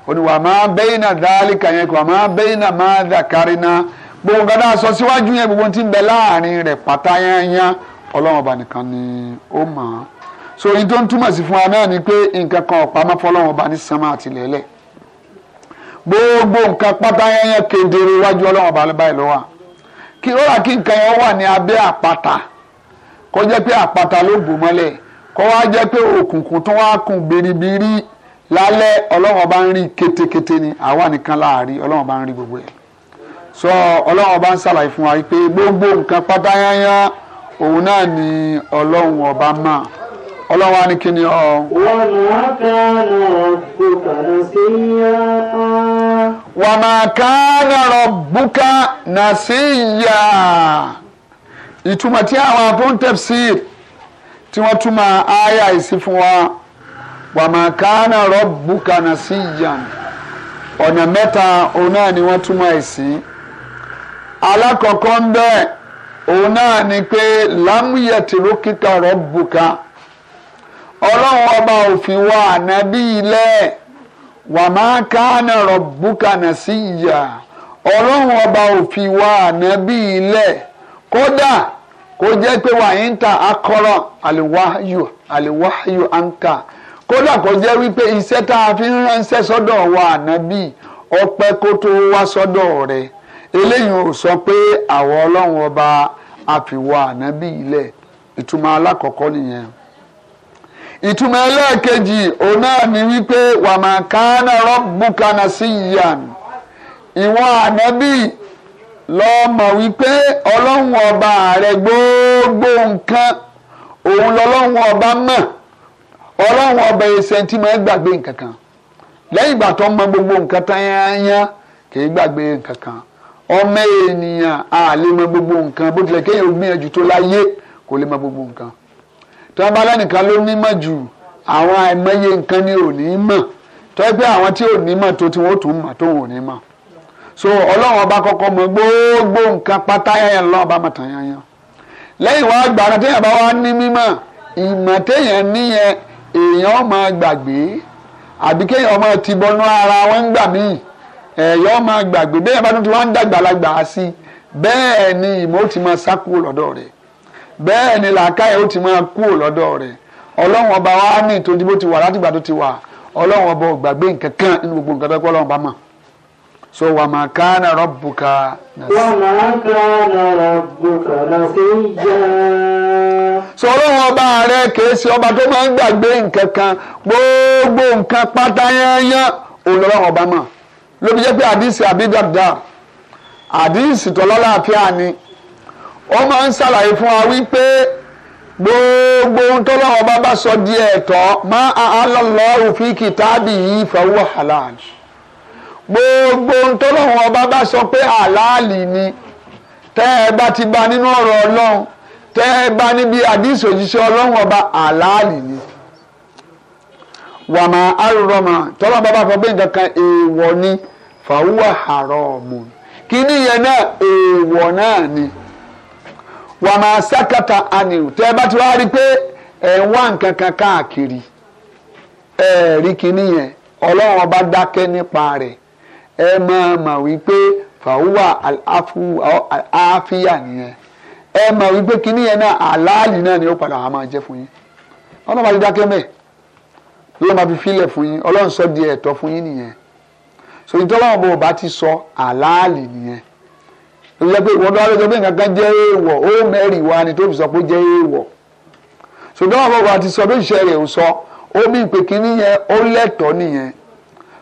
òní wà máa bẹ́yìn náà dáálíkà yẹn kò wà máa bẹ́yìn náà máa dàkárí náà gbogbo nǹkan dáa sọ síwájú yẹn gbogbo ti ń bẹ láàrin rẹ̀ pátá yányá ọlọ́run ọba nìkan ni ó mọ̀ ọ́n so yìí tó ń túmọ̀ sí fún wa náà ni pé nǹkan kan ọ̀pá fọlọ́run ọba ní sánmà àti lẹ́lẹ̀ gbogbo nǹkan pátá yányá kedere wájú ọlọ́run ọba báyìí lọ́wọ́ kí ó rà kí nǹkan yẹn wà ní abẹ́ àpáta kó jẹ́ pé àpáta ló bò mọ́lẹ̀ kó wá jẹ́ pé òkùnkùn tó wá kùn biribiri lálẹ́ ọlọ́run ọba ń rí ketekete ni àwa nìkan láàrí ọlọ́run ọba ń rí gbogbo ẹ̀ sọ ọlọ́run ọba ń ṣàlàyé fún wa pé gbogbo nǹkan pátá yányán òun náà ni ọlọ́run ọba máa ọlọ́run wa ni kí ni ọ. wọ́n máa kánà rọ̀bùkà nàṣíyá. wọ́n máa kánà rọ̀bùkà nàṣíyá ìtumọ̀ tí àwọn àtúntẹ̀síìr tí wọ́n túmọ̀ àyà ìsí fún wa wàmàkánà rọ́bùkà nà sí ìyàn ọ̀nà mẹ́ta òun náà ni wọ́n túmọ̀ ìsí. alákọ̀ọ́kọ́ ń bẹ́ òun náà ni pé lámúyẹ̀tìrú kíkà rọ́bùkà ọlọ́run ọba òfin wa ànábì ilẹ̀ wàmàkánà rọ́bùkà nà sí ìyà ọlọ́run ọba òfin wa ànábì ilẹ̀ kódà kó jẹ́ pé wàyí ń ta akọ́rọ̀ àlìwáyò àlìwáyò à ń ta kódà kó jẹ́ wípé iṣẹ́ tá a fi ń ránṣẹ́ sọ́dọ̀ wa ànábì ọpẹ́ kó tó wá sọ́dọ̀ rẹ̀ eléyìí ò sọ pé àwọn ọlọ́run ọba àfiwọ́ ànábì ilẹ̀ ìtumọ̀ alákọ̀ọ́kọ́ nìyẹn ìtumọ̀ ẹlẹ́ẹ̀kejì òun náà ni wípé wàmàkánà rọ́bùkánà sí ìyàn ìwọ̀n ànábì lọ́mọ wípé ọlọ́run ọba rẹ gbogbo nǹkan òun lọ́lọ́run ọba mọ̀ ọlọ́run ọba ẹsẹ̀ tí mo gbàgbé nǹkan kan lẹ́yìn ìgbà tó mọ gbogbo nǹkan tán yányán kì í gbàgbé nǹkan kan ọmọ ènìyàn a lè mọ gbogbo nǹkan bó tilẹ̀ kéèyàn gbìyànjú tó láyé kò lè mọ gbogbo nǹkan tí wọ́n bá lẹ́nìkan ló nímọ̀ jù àwọn àìmọye nǹkan ni ò ní mọ̀ tọ́ pé àwọn tí ò ní mọ̀ tó tí wọ́n tún mọ̀ tó wọn ò ní mọ̀. so ọlọ́run ọba kọ́kọ́ mọ gbogbo nǹkan pátá yẹn lọ́wọ́ ọba mọ̀tàn yẹn yẹn lẹ́yìn wá gbà náà téèyàn bá wá ní mímọ̀ ìmọ̀ téèyàn níyẹn èèyàn ma gbàgbé àbí kéèyàn ti bọnú ara wọn gbà míì èèyàn gbàgbé bẹ́ẹ̀ bá sí bẹ́ẹ̀ ni ìmọ̀ ó ti máa sá kúrò lọ́dọ̀ rẹ̀ bẹ́ẹ̀ ni làákàyè ó ti máa kúrò lọ́dọ̀ rẹ̀ ọba wa ní ìtòjú ti wà látìgbà tó ti ọba gbàgbé nǹkan kan ọba so wà máa ká na rọ́bùkà. wà máa ká na rọ́bùkà nasiya. so ọlọ́run ọba rẹ kìí ṣe ọba tó máa ń gbàgbé nǹkan kan gbogbo nǹkan pátá yányán òun lọ́wọ́ ọba mọ̀ ló fi jẹ́ pé àdìsí àbídàdà àdìsí tọ́lọ́láàfíà ni ó máa ń ṣàlàyé fún wa wípé gbogbo ohun tó lọ́wọ́ ọba bá sọ di ẹ̀tọ́ máa ń lọ́ọ́ fi kìtàbì yìí fọwọ́ halal. gbogbo ntọ́lọ́hún ọba bá sọ pé àlàálì ni tẹ́ ẹ bá ti bá nínú ọ̀rọ̀ ọlọ́run tẹ́ ẹ bá níbi àdìsí òjíṣẹ́ ọlọ́run ọba àlàálì ni wàmà àrùrọ̀mà tọ́lọ́hún bàbá fọ pé nǹkan kan èèwọ̀ ni fàwùwà háràmù kíní yẹn náà èèwọ̀ náà ni wàmà sákàtà ànìwò tẹ́ ẹ bá ti wá rí pé ẹ̀ ń wá nǹkan kan káàkiri ẹ̀ẹ̀rí kíní yẹn ọlọ́run ọba dákẹ́ nípa rẹ̀ ẹ máa mà wípé fàwùwà àáfíà nìyẹn ẹ mà wípé kíní yẹn náà àlàálì náà ni ó padà wà máa jẹ fún yín ọlọ́run bá ti dákẹ́ mẹ́ẹ̀ ló máa fi filẹ̀ fún yín ọlọ́run sọ di ẹ̀tọ́ fún yín nìyẹn so ìtọ́lọ́wọ́n bó o bá ti sọ àlàálì nìyẹn ó yẹ pé ìwọ́n dọ́wọ́ pé nǹkan kan jẹ́ èèwọ̀ ó mẹ́rin wa ni tó fi sọ pé jẹ́ èèwọ̀ so ìtọ́lọ́wọ́n bó o bá ti sọ bí ìṣe rẹ̀ ò sọ ó bí ìpè kínní yẹn ó lẹ́tọ̀ọ́ nìyẹn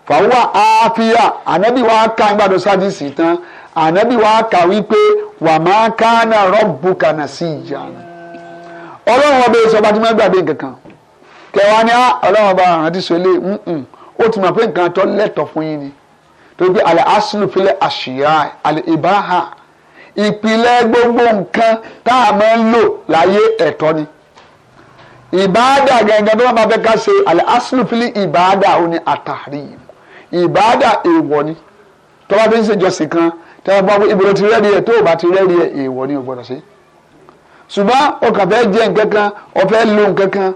fàwọn àáfíà ànábì wa ká gbàdọ sádìsì tán ànábì wa kà wípé wà máa ká náà rọ́bù kànà sí ìjà ọlọ́run ọba èso ọba tí wọ́n gbàgbé nǹkan kan kẹwàá ni ah, ọlọ́run ọba àrántí sọ eléyìí ó ti mọ̀ pé nǹkan tó lẹ́tọ̀ fún yín ni torí pé àlẹ́ asinu filẹ̀ àṣìyá àlẹ́ ìbáhà ìpìlẹ̀ gbogbo nǹkan tá a máa ń lò láyé ẹ̀tọ́ ni ìbáàdà gẹ́gẹ́ bí wọ́n bá fẹ́ ká ṣe àlẹ́ asinu filẹ̀ ìbáàdà ó àtàrí yìí ìbáàdà èèwọ̀ ni tọ́wọ́ fi ń ṣèjọsìn kan tẹ́wọ́ bá ibùdó ti rẹ́ẹ̀rí ẹ̀ tó o bá ti rẹ́ẹ̀rí ẹ̀ èèwọ̀ ni o gbọ́dọ̀ ṣe. ṣùgbọ́n o kàn fẹ́ jẹ nǹkan kan o fẹ́ lo nǹkan kan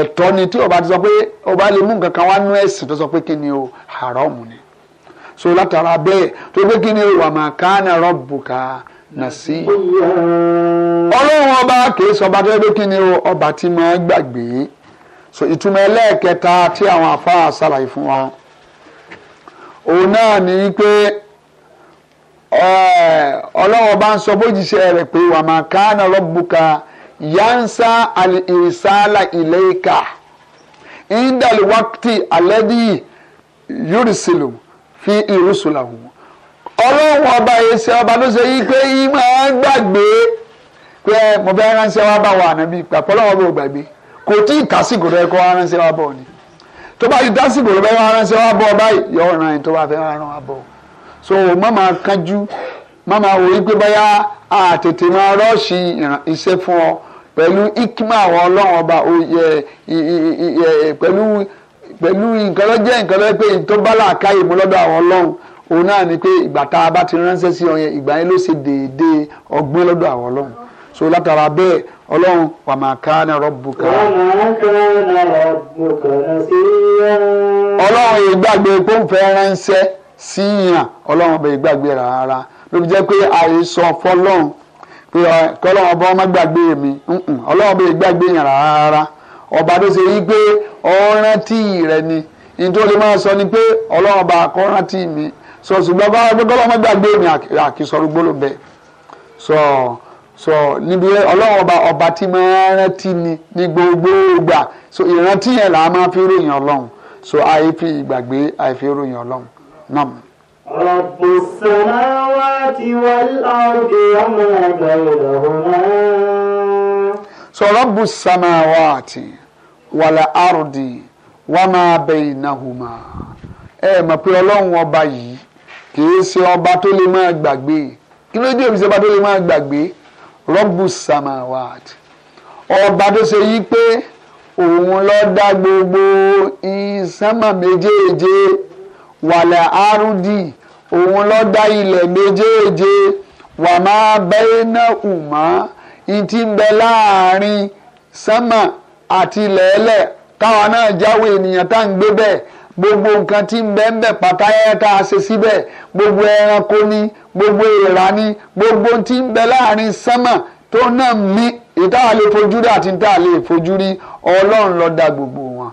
ẹ̀tọ́ ni tí o bá ti sọ pé o bá lè mú nǹkan kan wá nú ẹ̀sìn tó sọ pé kí ni o haram ni. so látara bẹ́ẹ̀ tó pé kí ni o wà máa ká ní rọ́bùkà nà sí. ọlọ́run ọba kì í sọ ọba tó pé kí ni o ọba ti máa gbàgbé so ìtumọ̀ ẹlẹ́ẹ̀kẹta tí àwọn àfáà ṣàlàyé fún wa òun náà ní pé eh, ọlọ́wọ́ bá ń sọ bójìṣẹ́ rẹ̀ pé wà máa ká náà rọ́bùkà yánsa àlìsálà ìlẹ́ka ìdàlùwákìtì àlẹ́dì yúrìsìlù fi ìrúsùlàhùn ọlọ́wọ́ ọba èsì ọba ló ṣe yí pé yí máa gbàgbé pé mo fẹ́ ránṣẹ́ wá bá wa ànábì pàpọ́ ọlọ́wọ́ bó gbàgbé kò tí ì kásìkò rẹ̀ kó ránṣẹ́ wá bọ̀ ni tó bá ti dásìkò ló fẹ́ wá ránṣẹ́ wá bọ̀ báyìí yọ ọ̀ràn tó bá fẹ́ wá wá bọ̀ so mama máa mama má máa wòye pé báyà àtètè máa rọ́ọ̀ṣì iṣẹ́ fún ọ pẹ̀lú ikima àwọn ọlọ́run ọba pẹ̀lú pẹ̀lú nǹkan lọ́jẹ́ nǹkan lọ́jẹ́ pé tó bá làákàyè mu lọ́dọ̀ àwọn ọlọ́run òun náà ni pé ìgbà tá a bá ti ránṣẹ́ sí ọ ìgbà yẹn ló ṣe déédéé ọgbọ́n lọ́dọ̀ àwọn ọlọ́run so látara bẹ́ẹ̀ ọlọ́run wà máa ká ní rọ́bùkà. wà máa ká ní rọ́bùkà sí yàn. ọlọ́run ìgbàgbé pọ́ǹfẹ́ ránṣẹ́ sí yàn ọlọ́run ọbẹ̀ ìgbàgbé rárá ló fi jẹ́ pé àìsọ fọlọ́run pé kọ́lọ́run ọba ọmọ gbàgbé mi ọlọ́run ọbẹ̀ ìgbàgbé yàn rárá ọba tó ṣe yí pé ọ̀rántí rẹ ni nítorí máa sọ ni pé ọlọ́run ọba akọ́rántí mi sọ ṣùgbọ́n bá gbọ́dọ̀ ọmọ gbàgbé mi àkísọ̀rọ̀ gbọ́dọ̀ bẹ́ẹ̀ sọ. So, so níbi ọlọ́run ọba ọba tí máa ń rántí ni ní gbogbo ìgbà so ìrántí yẹn là á máa fi ròyìn ọlọ́run so àyè fi ìgbàgbé àyè fi ròyìn ọlọ́run náà. رب السماوات والأرض وما بينهما so رب السماوات والأرض وما بينهما ẹ mọ̀ pé ọlọ́run ọba yìí kì í ṣe ọba tó lè máa gbàgbé kí ló dé òbí ṣe tó lè máa gbàgbé rọ́bù samawat ọba tó ṣe yí pé òun ló dá gbogbo ìsánmà méjèèje wàlẹ̀ àrùdì òun ló dá ilẹ̀ méjèèje wà máa bẹ́ẹ̀ náà ùmá ìtì ń bẹ láàrin sánmà àti ilẹ̀ ẹlẹ̀ náà jáwé ènìyàn tá à ń gbé bẹ́ẹ̀ gbogbo nǹkan tí ń bẹ ń bẹ pàtàyẹ tá a ṣe síbẹ̀ gbogbo ẹranko ni gbogbo èèrà ni gbogbo tí ń bẹ láàrin sánmà tó náà mí ìta lè fojú rí àti ìta lè fojú rí ọlọ́run ló dá gbogbo wọn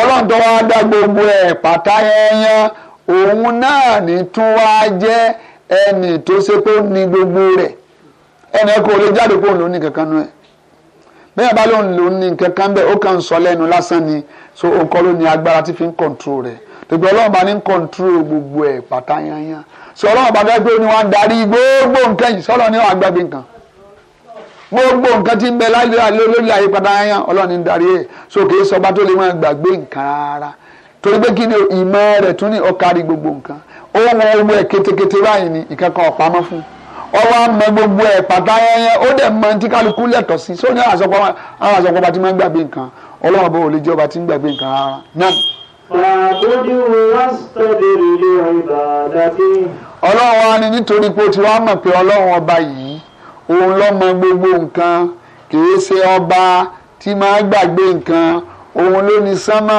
ọlọ́run tó wá dá gbogbo ẹ̀ pàtàyẹ yan òun náà ní tún wá jẹ́ ẹnì tó ṣe pé ó ní gbogbo rẹ̀ ẹnì kan ò lè jáde kó òun kankan nú bẹ́ẹ̀ bá lóun lòun ní nǹkan kan bẹ́ẹ̀ ó kàn ń sọ lẹ́nu lásán ni so nǹkan ló ní agbára tí fi ń control rẹ̀ gbogbo ọlọ́run bá ní ń control gbogbo ẹ̀ pátá yányán so ọlọ́run bá dájú pé ó ní wá ń darí gbogbo nǹkan yìí sọ́lọ́ ní àgbàgbé nǹkan gbogbo nǹkan tí ń bẹ lórí ayé pátá yányán ọlọ́run ní ń darí ẹ̀ so kì í sọ bá tó lè máa gbàgbé nǹkan rárá torí pé kí ni ìmọ̀ rẹ̀ tún ní ó kárí gbogbo nǹkan ó wọ owó ẹ̀ kétékété báyìí ni ìkankan ọ̀pamọ́ fún un ọwọ́ mọ gbogbo ẹ̀ pàtà ẹyẹ ó dẹ̀ mọ tí kálukú lẹ́tọ̀ sí sóní àṣọpọ̀ àwọn àṣọpọ̀ bá ti máa ń gbàgbé nǹkan ọlọ́run bó lè jẹ́ ọba tí ń gbàgbé nǹkan rárá náà. fàtọ́jú wàsítọ́bìrì lè ìbàdàtì. ọlọ́run wa ni nítorí pé ó ti wá mọ̀ pé ọlọ́run ọba yìí òun ló mọ gbogbo nǹkan kìí ṣe ọba tí máa gbàgbé nǹkan òun ló ní sánmà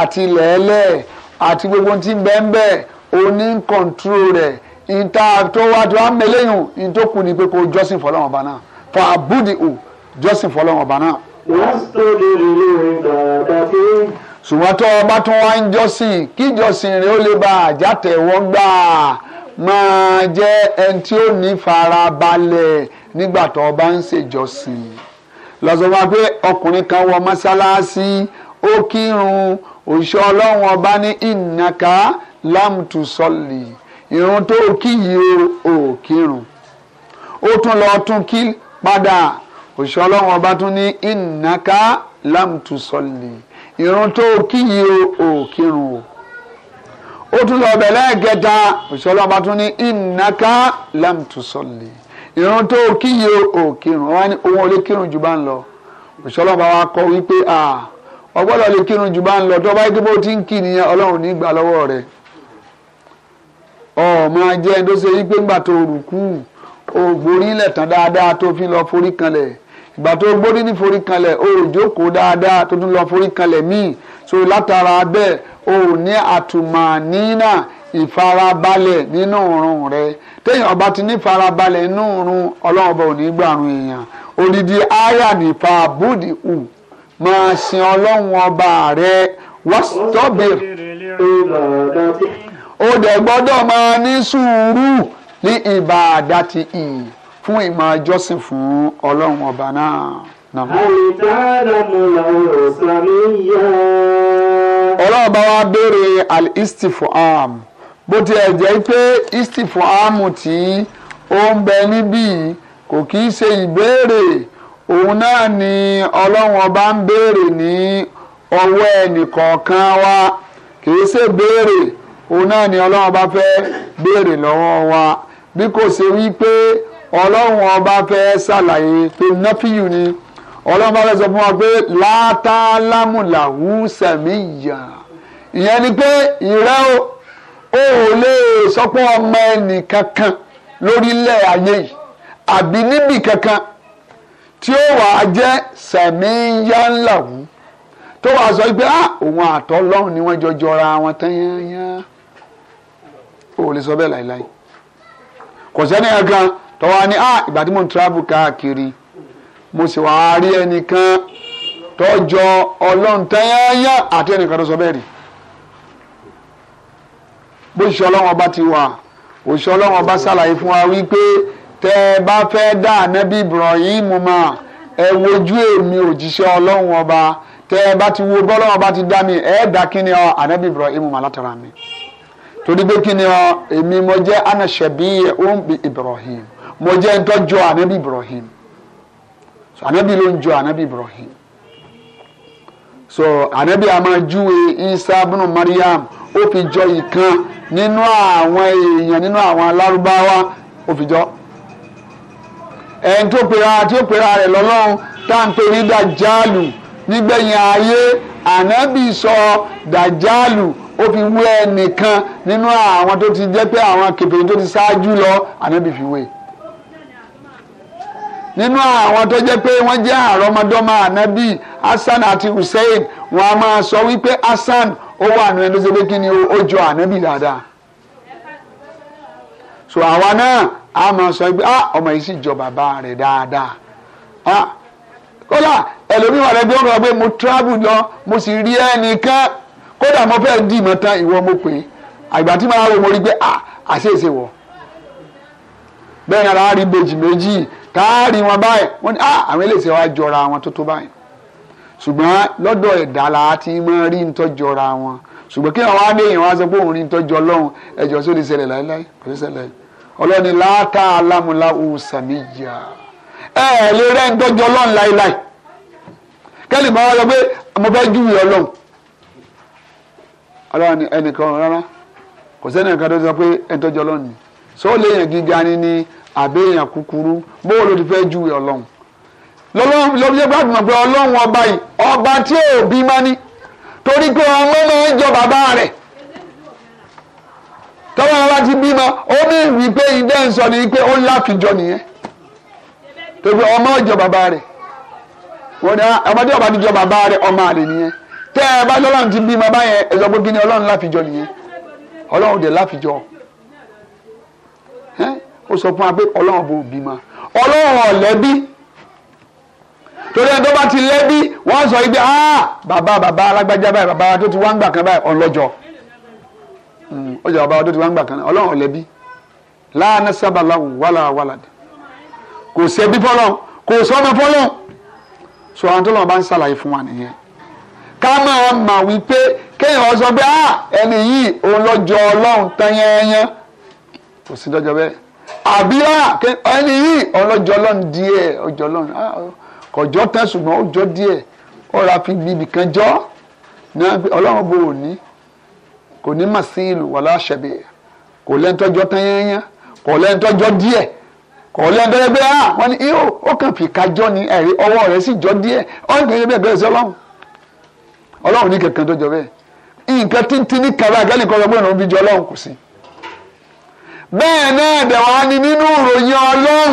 àti lẹ́ẹ̀lẹ́ àti gbogbo tí bẹ́ẹ̀ bẹ́ẹ̀ ìta tó wá tó wá mẹlẹ́yìn ìtòkù ni pé kó jọ́sìn fọlọ́run ọba náà fọ àbúdì ò jọ́sìn fọlọ́run ọba náà. wọ́n tó lè rí orin bàbá pé. ṣùgbọ́n tó ọba tó wá ń jọ́sìn kí jọ́sìn rẹ̀ ó lè bá àjàtẹ̀wọ́gbà máa jẹ́ ẹni tí ó ní farabalẹ̀ nígbà tó ọba ń ṣèjọ́sìn lọ́sọ̀wá pé ọkùnrin kan wọ mọ́sálásí ó kírun òṣìṣẹ́ ọlọ́run ọba ní ìnàká lámùtúsọ́lì irun tó kí yìí o ò kírun ó tún lọ tún kí padà òṣìṣẹ́ ọlọ́run ọba tún ní ìnáká lámtùsọ̀lì irun tó kí yìí o ò kírun o ó tún lọ bẹ̀lẹ́ kẹta òṣìṣẹ́ ọlọ́run ọba tún ní ìnáká lámtùsọ̀lì irun tó kí yìí o kírun wọn ní òun ò lè kírun jù bá ń lọ òṣìṣẹ́ ọlọ́run ọba wa kọ wípé ọgbọ́dọ̀ lè kírun jù bá ń lọ tó bá yẹ kí bó ti ń kí nìyẹn ọlọ́run ní gbà lọ́wọ́ rẹ̀ ọmọ jẹ́ ẹni tó ṣe yí pé ńgbà tó rùkú o gborí lẹ̀ tán dáadáa tó fi lọ forí kanlẹ̀ ìgbà tó gbórí ní forí kanlẹ̀ o jókòó dáadáa tó tún lọ forí kanlẹ̀ míì so látara bẹ́ẹ̀ o ní àtùmọ̀nínà ìfarabalẹ̀ nínú òórùn rẹ téèyàn bá ti ní farabalẹ̀ nínú òórùn ọlọ́run ọba ò ní gbàrún èèyàn odidi aya nípa búdì hù máa sin ọlọ́run ọba rẹ wọ́n tọ́bẹ̀. ó dẹ̀ gbọ́dọ̀ máa ní sùúrù ní ìbà àdáti ìyìn fún ìmọ̀ ọjọ́sìn fún ọlọ́run ọba náà. ọlọ́run bá wa béèrè al-istifham bó tiẹ̀ jẹ́ pé istifham tí ó ń bẹ níbí kò kì í ṣe ìbéèrè òun náà ni ọlọ́run ọba ń béèrè ní ọwọ́ ẹnìkọ̀ọ̀kan wa kì í ṣe béèrè. òun náà ni ọlọ́run bá fẹ́ béèrè lọ́wọ́ wa bí kò ṣe wí pé ọlọ́run ọba fẹ́ ṣàlàyé pé nọ́fíyù ni ọlọ́run bá fẹ́ sọ fún wa pé látàlámùlàhù sẹ̀míyà ìyẹn ni pé ìrẹ́ o ò lè sọ pé ọmọ ẹnì kankan lórílẹ̀ ayé yìí àbí níbì kankan tí ó wàá jẹ́ sẹ̀míyànláhù tó wàá sọ pé ah òun àtọ́ lọ́run ni wọ́n jọ jọra wọn tán yányán o ò lè sọ bẹ́ẹ̀ láìláì kò sẹ́ni ẹ̀gan tọ́wọ́ ni ah ìgbà tí mo ń travel káàkiri mo sì wá rí ẹnìkan tọ́jọ́ ọlọ́run tẹ́yẹ́yẹ́ àti ẹnìkan tó sọ bẹ́ẹ̀ rí bó ṣe ọlọ́run ọba ti wà òṣìṣẹ́ ọlọ́run ọba ṣàlàyé fún wa wípé tẹ́ ẹ bá fẹ́ dá ànábì Ibrahim mà ẹ wojú èmi òjíṣẹ́ ọlọ́run ọba tẹ́ ẹ bá ti wo bọ́lọ́run ọba ti dá mi ẹ kí ni ànábì Ibrahim mà látara mi torí pé kí ni ọ èmi mo jẹ́ anaṣẹ́bí ombi Ibrahim mo jẹ́ ntọ́jú anabi Ibrahim so anabi ló ń jọ anabi Ibrahim so anabi amajuwe Isa bunu Mariam ó fi jọ ìkan nínú àwọn èèyàn nínú àwọn alárúbáwá ó fi jọ ẹni tó pera tí ó pera rẹ̀ lọ́lọ́run tá à ń pè ní dàjálù nígbẹ̀yìn ayé anabi sọ dàjálù ó fi wé ẹnìkan nínú àwọn tó ti jẹ́ pé àwọn kèfèrí tó ti ṣáájú lọ ànábì fi wé nínú àwọn tó jẹ́ pé wọ́n jẹ́ àrọ́mọdọ́mọ ànábì Hasan àti Hussein wọ́n a máa sọ wípé Hasan ó wà nínú ẹni tó ṣe pé kí ni ó jọ ànábì dáadáa so àwa náà a máa sọ pé ah ọmọ yìí sì jọ bàbá rẹ̀ dáadáa ah kódà ẹlòmíràn rẹ bí wọ́n rọ pé mo travel lọ mo sì rí ẹnìkan kódà mo fẹ́ dì mọ́ tán ìwọ mo pè é àgbà tí màá rò mo rí pé à ah, àṣeéṣe wọ̀ bẹ́ẹ̀ ni ara rí bèjì méjì káàrí wọn báyìí wọ́n ní à ah, àwọn eléyìí wá jọra wọn tó tó báyìí ṣùgbọ́n lọ́dọ̀ ẹ̀dá la ti máa rí ń tọ́jọra wọn ṣùgbọ́n kí àwọn adéyìn wá sọ pé òun rí ń tọ́jọ ọlọ́run ẹ̀jọ̀ sóde ṣẹlẹ̀ láéláé kò ọlọ́ni láàtà alámúlá òsàmìyà ẹ ẹ lè rẹ́ ń tọ́jọ ọlọ́run láéláé kẹ́lì máa wá sọ pé mo fẹ́ júwe ọlọ́run ọlọ́run ni ẹnìkan rárá kò sẹ́ni ẹ̀ka tó sọ pé ẹni tọ́jú ọlọ́run ni sọ léèyàn gíga ni ni àbí èèyàn kúkúrú bóun ló ti fẹ́ ju ọlọ́run pé ọlọ́run ọba yìí ọba tí ò má ní torí pé ọmọ máa ń jọ bàbá rẹ̀ tọ́wọ́ ti bímọ ó ní ìdẹ́ ń sọ ni pé ó ń láfijọ́ nìyẹn torí pé ọmọ ìjọ bàbá rẹ̀ ah, bàbá rẹ̀ tẹ́ ẹ bá lọ́lọ́run ti bímọ báyẹn ẹ sọ pé kí ni ọlọ́run láfijọ́ nìyẹn ọlọ́run dẹ̀ láfijọ́ ó sọ fún wa pé ọlọ́run bò bímọ ọlọ́run ọ̀lẹ́bí torí ẹni tó bá ti lẹ́bí wọ́n sọ ibi ah bàbá bàbá alágbájá báyìí bàbá tó ti wá ń gbà kan báyìí ọlọ́jọ́ ọjọ́ hmm, bàbá tó ti wá ń gbà kan ọlọ́run ọ̀lẹ́bí láàánú sábàlá wàlà wàlà kò sẹ́bí fọlọ́ kò sọ́mọ fọlọ́ sọ àwọn tó lọ́wọ́ bá ń ṣàlàyé fún wa nìyẹn ká máa mọ̀ wípé kéèyàn sọ pé ah ẹni yìí òun lọ́jọ́ ọlọ́run tán yẹ́nyẹ́n kò sí lọ́jọ́ bẹ́ẹ̀ àbí ah ẹni yìí òun lọ́jọ́ ọlọ́run díẹ̀ ọjọ́ ọlọ́run ah kọjọ́ tán ṣùgbọ́n ó jọ díẹ̀ ọ̀rọ̀ àfi bíbí kan jọ́ náà ọlọ́run bò ó ní kò ní mà sí ìlú wàlá ṣẹ̀bẹ̀ kò lẹ́ńtọ́jọ́ tán yẹ́nyẹ́n kò lẹ́ńtọ́jọ́ díẹ̀ ọ̀lẹ́ ah, bẹ́ẹ̀ bẹ́ẹ̀ à wọ́n ní ọlọ́run ní kankan tó jọ bẹ́ẹ̀ nǹkan tíntín ní kaba àgẹ́lì kan ọgbọ́n òun fi jọ ọlọ́run kò sí. bẹ́ẹ̀ náà dẹ̀wọ̀n ni nínú ìròyìn ọlọ́run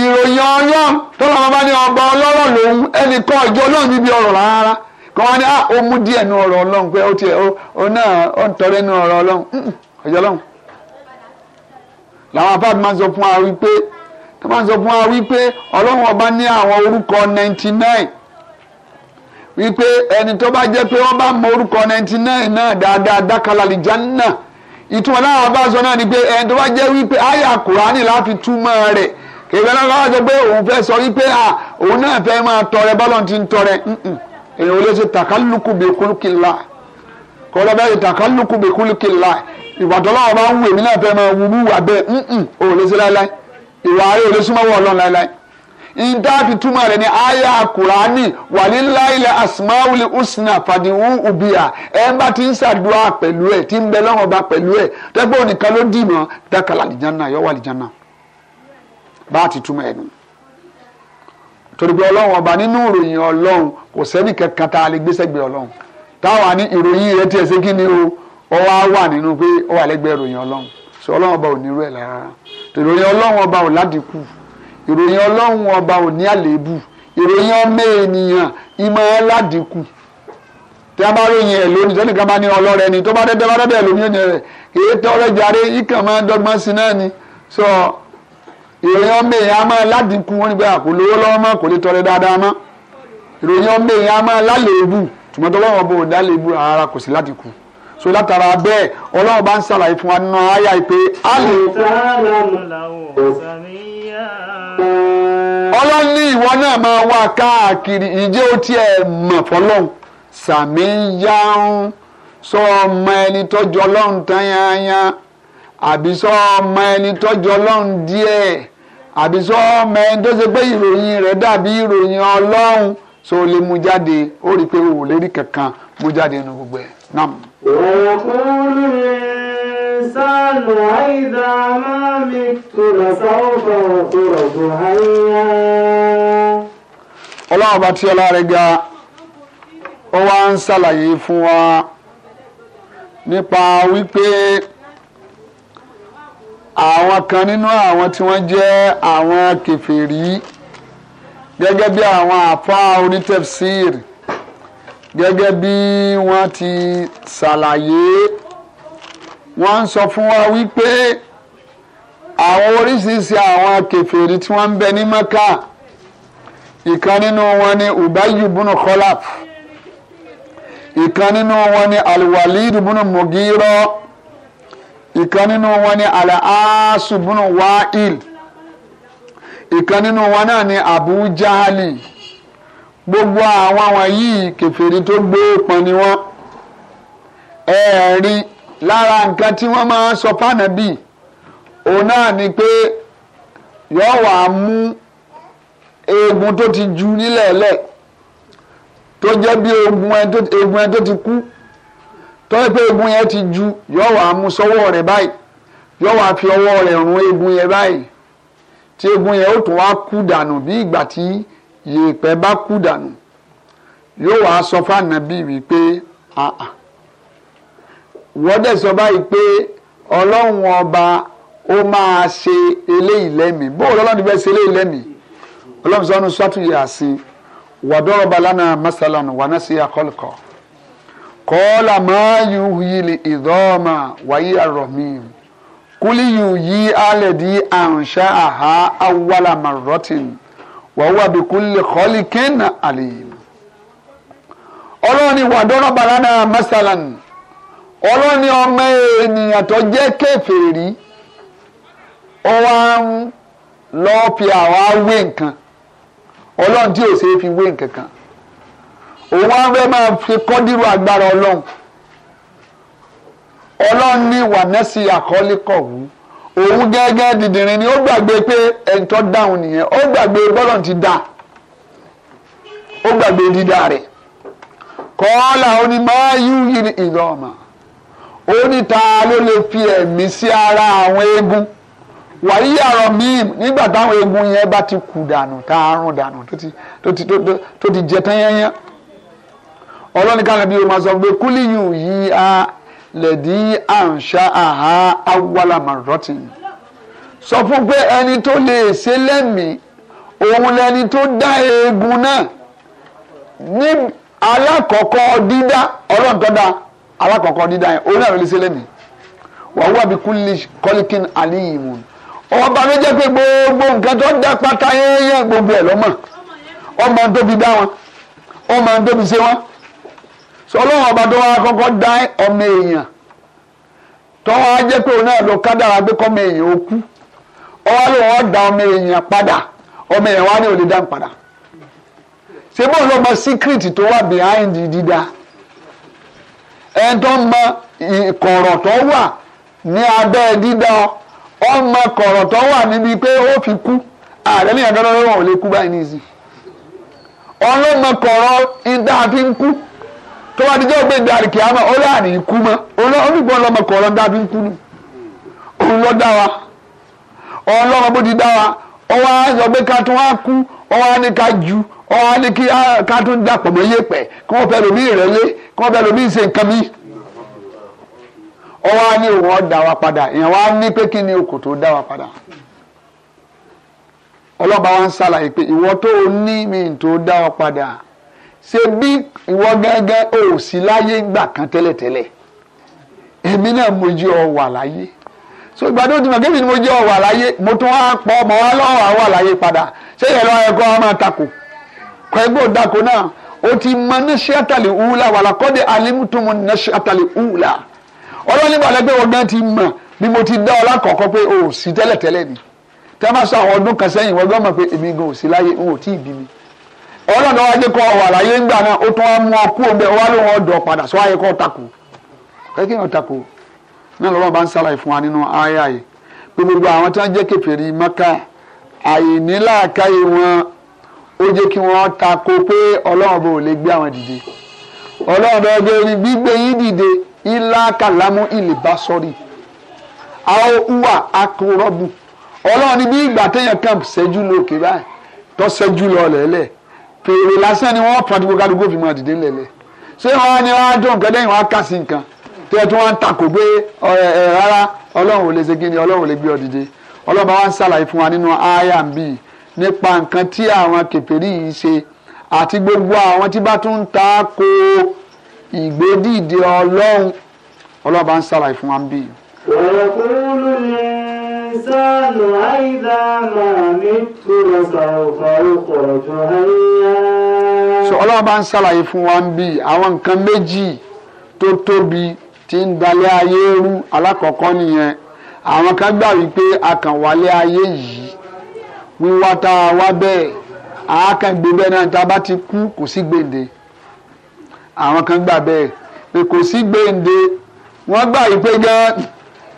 ìròyìn ọlọ́run tó lọ́wọ́ bá ní ọba ọlọ́rọ̀ lòun ẹnì kan ìjọ ọlọ́run níbi ọ̀rọ̀ rárá kan wọ́n ní à ah, ó mú díẹ̀ nu ọ̀rọ̀ ọlọ́run pé ó tiẹ̀ ó náà ó ń tọrẹ nu ọ̀rọ̀ ọlọ́run ọjọ́ ọlọ́run. làwọn apá máa ń sọ fún wa wípé tó máa ń sọ fún wa wípé ọlọ́run ọba ní àwọn orúkọ ninety nine wípé ẹni tó bá jẹ́ pé wọ́n bá mọ orúkọ ninety nine náà dáadáa dákàlà àlìjánná ìtumọ̀ láwọn bá sọ náà ni pé ẹni tó bá jẹ́ wípé àyà kùránì láti túmọ̀ rẹ̀ kèwé náà wá sọ pé òun fẹ́ sọ wípé à òun náà fẹ́ máa tọrẹ bọ́lọ̀ ti ń tọrẹ èèyàn ò lè ṣe tàkálùkù bèkúlùkìlá kọ́lọ́ bẹ́ẹ̀ tàkálùkù bèkúlùkìlá ìwà tọ́lọ́wọ́ bá ń wù èmi náà fẹ́ máa wù wù wà bẹ́ẹ̀ ò in túmọ̀ rẹ̀ ní àyà kùránì wàlíláìlẹ̀ wali usna fàdíwù ubia ẹ̀ ń bá ti ń ṣàdúrà e ẹ̀ ti ń bẹ lọ́wọ́ bá pẹ̀lú ẹ̀ tẹ́gbọ́n dì mọ́ dákàlà àlìjánà yọ̀wọ́ àlìjánà ti túmọ̀ ẹ̀ ọba nínú ìròyìn ọlọ́run kò sẹ́ni kankan tá a lè gbé sẹ́gbẹ̀ẹ́ ọlọ́run táwa ní ìròyìn o nínú pé ó wà lẹ́gbẹ̀ẹ́ ìròyìn ọlọ́run sọ ọlọ́run ọba ò ní irú ẹ̀ ìròyìn ọlọ́run ọba ìròyìn ọlọ́run ọba ò ní àléébù ìròyìn ọmọ ènìyàn ìmọ̀ aládìkù tí a bá ròyìn ẹ̀ lónìí tó nìkan bá ní ọlọ́rẹ́ ni tó bá dẹ́dẹ́ bá dẹ́dẹ́ lómi òyìn rẹ̀ èyí tó rẹ̀ jáde ikàn máa dọ́gbọ́n sí náà ni sọ ìròyìn ọmọ èèyàn á máa ládìkù wọn nígbà kò lówó lọ́wọ́ mọ́ kò lè tọrẹ dáadáa mọ́ ìròyìn ọmọ èèyàn á máa lálèébù tùmọ̀tọ́ lọ́wọ́ bò dálèébù ara kò sí ládìkù so látara bẹ́ẹ̀ ọlọ́run bá ń ṣàlàyé fún wa nínú àyà ìpè alẹ́ ọlọ́run ní ìwọ náà máa wá káàkiri ìjẹ́ ó tiẹ̀ mọ̀ fọlọ́run sàmì yáhùn sọ ọmọ ẹni tọ́jú ọlọ́run tán yányá àbí sọ ọmọ ẹni tọ́jú ọlọ́run díẹ̀ àbí sọ ọmọ ẹni tó ṣe pé ìròyìn rẹ̀ dàbí ìròyìn ọlọ́run so lè mú jáde ó rí i pé o ò lérí kankan mú jáde nínú gbogbo ẹ̀ náà. òkú lè. الإنسان إذا ما مت لسوف أخرج حيا ọlọ́run bá tí ọlá rẹ̀ ga ó wá ń ṣàlàyé fún wa nípa wípé àwọn kan nínú àwọn tí wọ́n jẹ́ àwọn kèfèrí gẹ́gẹ́ bí àwọn àfáà onítẹ̀fsíìrì gẹ́gẹ́ bí wọ́n ti ṣàlàyé wọ́n ń sọ fún wa wípé àwọn oríṣiríṣi àwọn kèfèrí tí wọ́n ń bẹ ní Mẹ́kà ìkan nínú wọn ni Ubayyu bunu Khalaf ìkan nínú wọn ni Al-Walid bunu Mugira ìkan nínú wọn ni Al-Asu bunu Wa'il ìkan nínú wọn náà ni Abu Jahali gbogbo àwọn àwọn yìí kèfèrí tó gbé pọn ni wọ́n ẹ̀ẹ́rín lára nǹkan tí wọ́n máa ń sọ fánàbì òun náà ni pé yóò wá mú eegun tó ti ju nílẹ̀ẹ́lẹ̀ tó jẹ́ bí eegun ẹ tó ti kú tó yẹ pé eegun yẹn ti ju yóò wá mú sọ́wọ́ rẹ̀ báyìí yóò wá fi ọwọ́ rẹ̀ rún eegun yẹn báyìí tí eegun yẹn ó tún wá kú dànù bí ìgbà tí yèèpẹ̀ bá kú dànù yóò wá sọ fánàbì wípé Ah, ah wọ́n dẹ̀ sọ báyìí pé ọlọ́run ọba ó máa ṣe eléyìí lẹ́mìí bóòlù ọlọ́run ti fẹ́ ṣe eléyìí lẹ́mìí ọlọ́run sọ́nu sọ́túnyẹ àṣì wàdọ́rọ̀bà lánàá masalan wàná sí akọ́lùkọ́ kọ́ọ́là máa yù yìlì ìdọ́ọ̀mà wáyé àròmí kúlí yù yí alẹ̀ dí àǹṣá àhá awàlà màrọ́tìn wàhùwà bí kúlì kọ́lì kẹ́nà àlè ọlọ́run ni wàdọ́rọ̀bà lánàá masalan. ọlọ́ni ọmọ ènìyàn tó jẹ́ kèfèrí ó wá ń lọ fi àwa wé nǹkan ọlọ́run tí ò ṣeé fi wé nǹkan kan òun wá fẹ́ máa fi kọ́dírú agbára ọlọ́run ọlọ́run ní wànẹ́sì àkọ́lékọ̀wú òun gẹ́gẹ́ dìdìrín ni ó gbàgbé pé ẹni tó dáhùn nìyẹn ó gbàgbé bọ́lọ̀ ti dà ó gbàgbé dídá rẹ̀ kọ́ ọ́ làwọn ni máa yìí ìlú ọ̀mà ó ní ta ló lè fi ẹ̀mí sí ara àwọn eegun wàyí àrọ̀ míì nígbà táwọn eegun yẹn bá ti kú dànù tá a rún dànù tó ti jẹ tán yányán ọlọ́ni kan nàbí o máa sọ pé kúlíyù yìí á lẹ̀dí àǹṣá àhá awálàmọ̀rọ́tì sọ fún pé ẹni tó lè ṣe lẹ́mìí òun lẹni tó dá eegun náà ní alákọ̀ọ́kọ́ dídá ọlọ́run alákọ̀ọ́kọ́ dídá yẹn òun náà ló lè ṣe lẹ́mìí wàhùwà bíi kúlì kọ́líkìn àlìyìmù ọba ló jẹ́ pé gbogbo nǹkan tó dá pátá yẹ́yẹ́ gbogbo ẹ̀ lọ́mọ ọmọ tó fi dá wọn ọmọ tó fi ṣe wọn sọlọ́wọ́n ọba tó wá kọ́kọ́ dá ọmọ èèyàn tó wá jẹ́ pé òun náà ló kádàrá pé kọ́mọ èèyàn ó ọwọ́ ló wọ́n dá ọmọ èèyàn padà ọmọ èèyàn wá ní òun dá padà ṣé bóun lọ́mọ síkírìtì tó wà behind dídá. ẹni tó mọ ìkọ̀rọ̀ tó wà ní abẹ́ dídá ọmọ kọ̀rọ̀ tó wà níbi pé ó fi kú ààrẹ nìyẹn gbọ́dọ̀ lọ́wọ́ ò lè kú báyìí nìyí ọlọ́mọ kọ̀rọ̀ ìdá fi ń kú tó bá ti jẹ́ ògbé ìdarí kìámọ́ ó ikú mọ́ olùgbọ́n ọlọ́mọ kọ̀rọ̀ ìdá fi ń kú nù òun dá wa ọlọ́mọ bó ti dá wa ọwọ́ ká wá kú ọwọ́ á ní ká ju ọwọ́ á ní kí ah, ká tún dàpọ̀ mọ́ yẹ̀pẹ̀ kí wọ́n fẹ́ lomi ìrẹ́lé kí wọ́n fẹ́ lomi ṣe nǹkan mi. ọwọ́ á ní òun ọ̀ wa padà ìyẹn wá ní pé kí ni okùn tó dá wa padà ọlọ́ba wa ń ṣàlàyé pé ìwọ tó o ní mi tó dá ọ padà ṣe bí ìwọ gẹ́gẹ́ o ò sí láyé gbà kan tẹ́lẹ̀tẹ́lẹ̀ èmi náà mo jẹ́ ọ wà láyé so ìgbà tó ti mọ̀ kébì ni mo jẹ́ ọ wà láyé mo tún wá pọ̀ mọ́ wá lọ́wọ́ àwa láyé padà ṣé ìyẹn lọ́wọ́ ẹ̀kọ́ wa máa takò kọ́ẹ́gbẹ́ òdàkọ náà ó ti mọ nẹ́sẹ̀ àtàlẹ̀ wúlà wàlà kọ́dé alimutumu nẹ́sẹ̀ àtàlẹ̀ wúlà ọlọ́ni balẹ̀ pé ọgbẹ́ ti mọ̀ bí mo ti dá ọ lákọ̀ọ́kọ́ pé o sí tẹ́lẹ̀tẹ́lẹ̀ ni tẹ́ máa sọ àwọn ọdún kan sẹ́yìn wọ́n gbọ́ mọ̀ pé èmi gan ò sí láyé n ò tí ì bí mi ọlọ́dọ̀ wa jẹ́ kọ́ wà láyé ńgbà náà ó tún wá mú ọ kú ọgbẹ́ wa ló wọn dọ̀ padà sọ ayé kọ́ takò kẹ́kẹ́ yẹn takò náà lọ́wọ́ bá ń sàlàyé fún wa nínú ayé ayé pé gbogbo àwọn tí wọ́n jẹ́ kèfèrí Mákà àìníláàkáyé wọn ó jẹ́ kí wọ́n tako pé ọlọ́run bò lè gbé àwọn dìde ọlọ́run bò gbé ní gbígbé yín dìde ilá kàlámù ilé bá sọ́rí àwọn hùwà akọrọ́bù ọlọ́run ní bí ìgbà téèyàn kàn ṣẹ́jú lókè báyìí tó ṣẹ́jú lọ lẹ́lẹ̀ fèrè lásán ni wọ́n pàtó gbogbo kálukú fi máa dìde lẹ́lẹ̀ ṣé wọn ni wọn á dùn nǹkan lẹ́yìn á kà sí nǹkan tí ẹ tún wọn ń takò gbé rárá ọlọ́run ò lè ṣe kí ni ọlọ́run ò lè gbé ọ dìde ọlọ́run bá wá ń ṣàlàyé fún wa nínú ááyà ń bíi nípa nǹkan tí àwọn kèfèrí yìí ṣe àti gbogbo àwọn tí bá tún ń ta ko ìgbédìde ọlọ́run ọlọ́run bá ń ṣàlàyé fún wa ń bì. ọ̀yọ̀kúrú ni sánù àìdá máa ní tòrọ sàrùfà ọkọ̀ ọ̀jọ̀ ayé. sọ ọlọ́run bá ń ṣàlàyé fún wa ń bì àwọn nǹkan méjì tó tóbi tí ń dalẹ̀ ayé rú alákọ̀ọ́kọ́ nìyẹn àwọn kan gbà wípé a kàn wálé ayé yìí wíwá tá a wá bẹ́ẹ̀ àákàngbé bẹ́ẹ̀ náà tá a bá ti kú kò sí gbèǹde àwọn kan gbà bẹ́ẹ̀ pé kò sí gbèǹde wọ́n gbà yí pé gan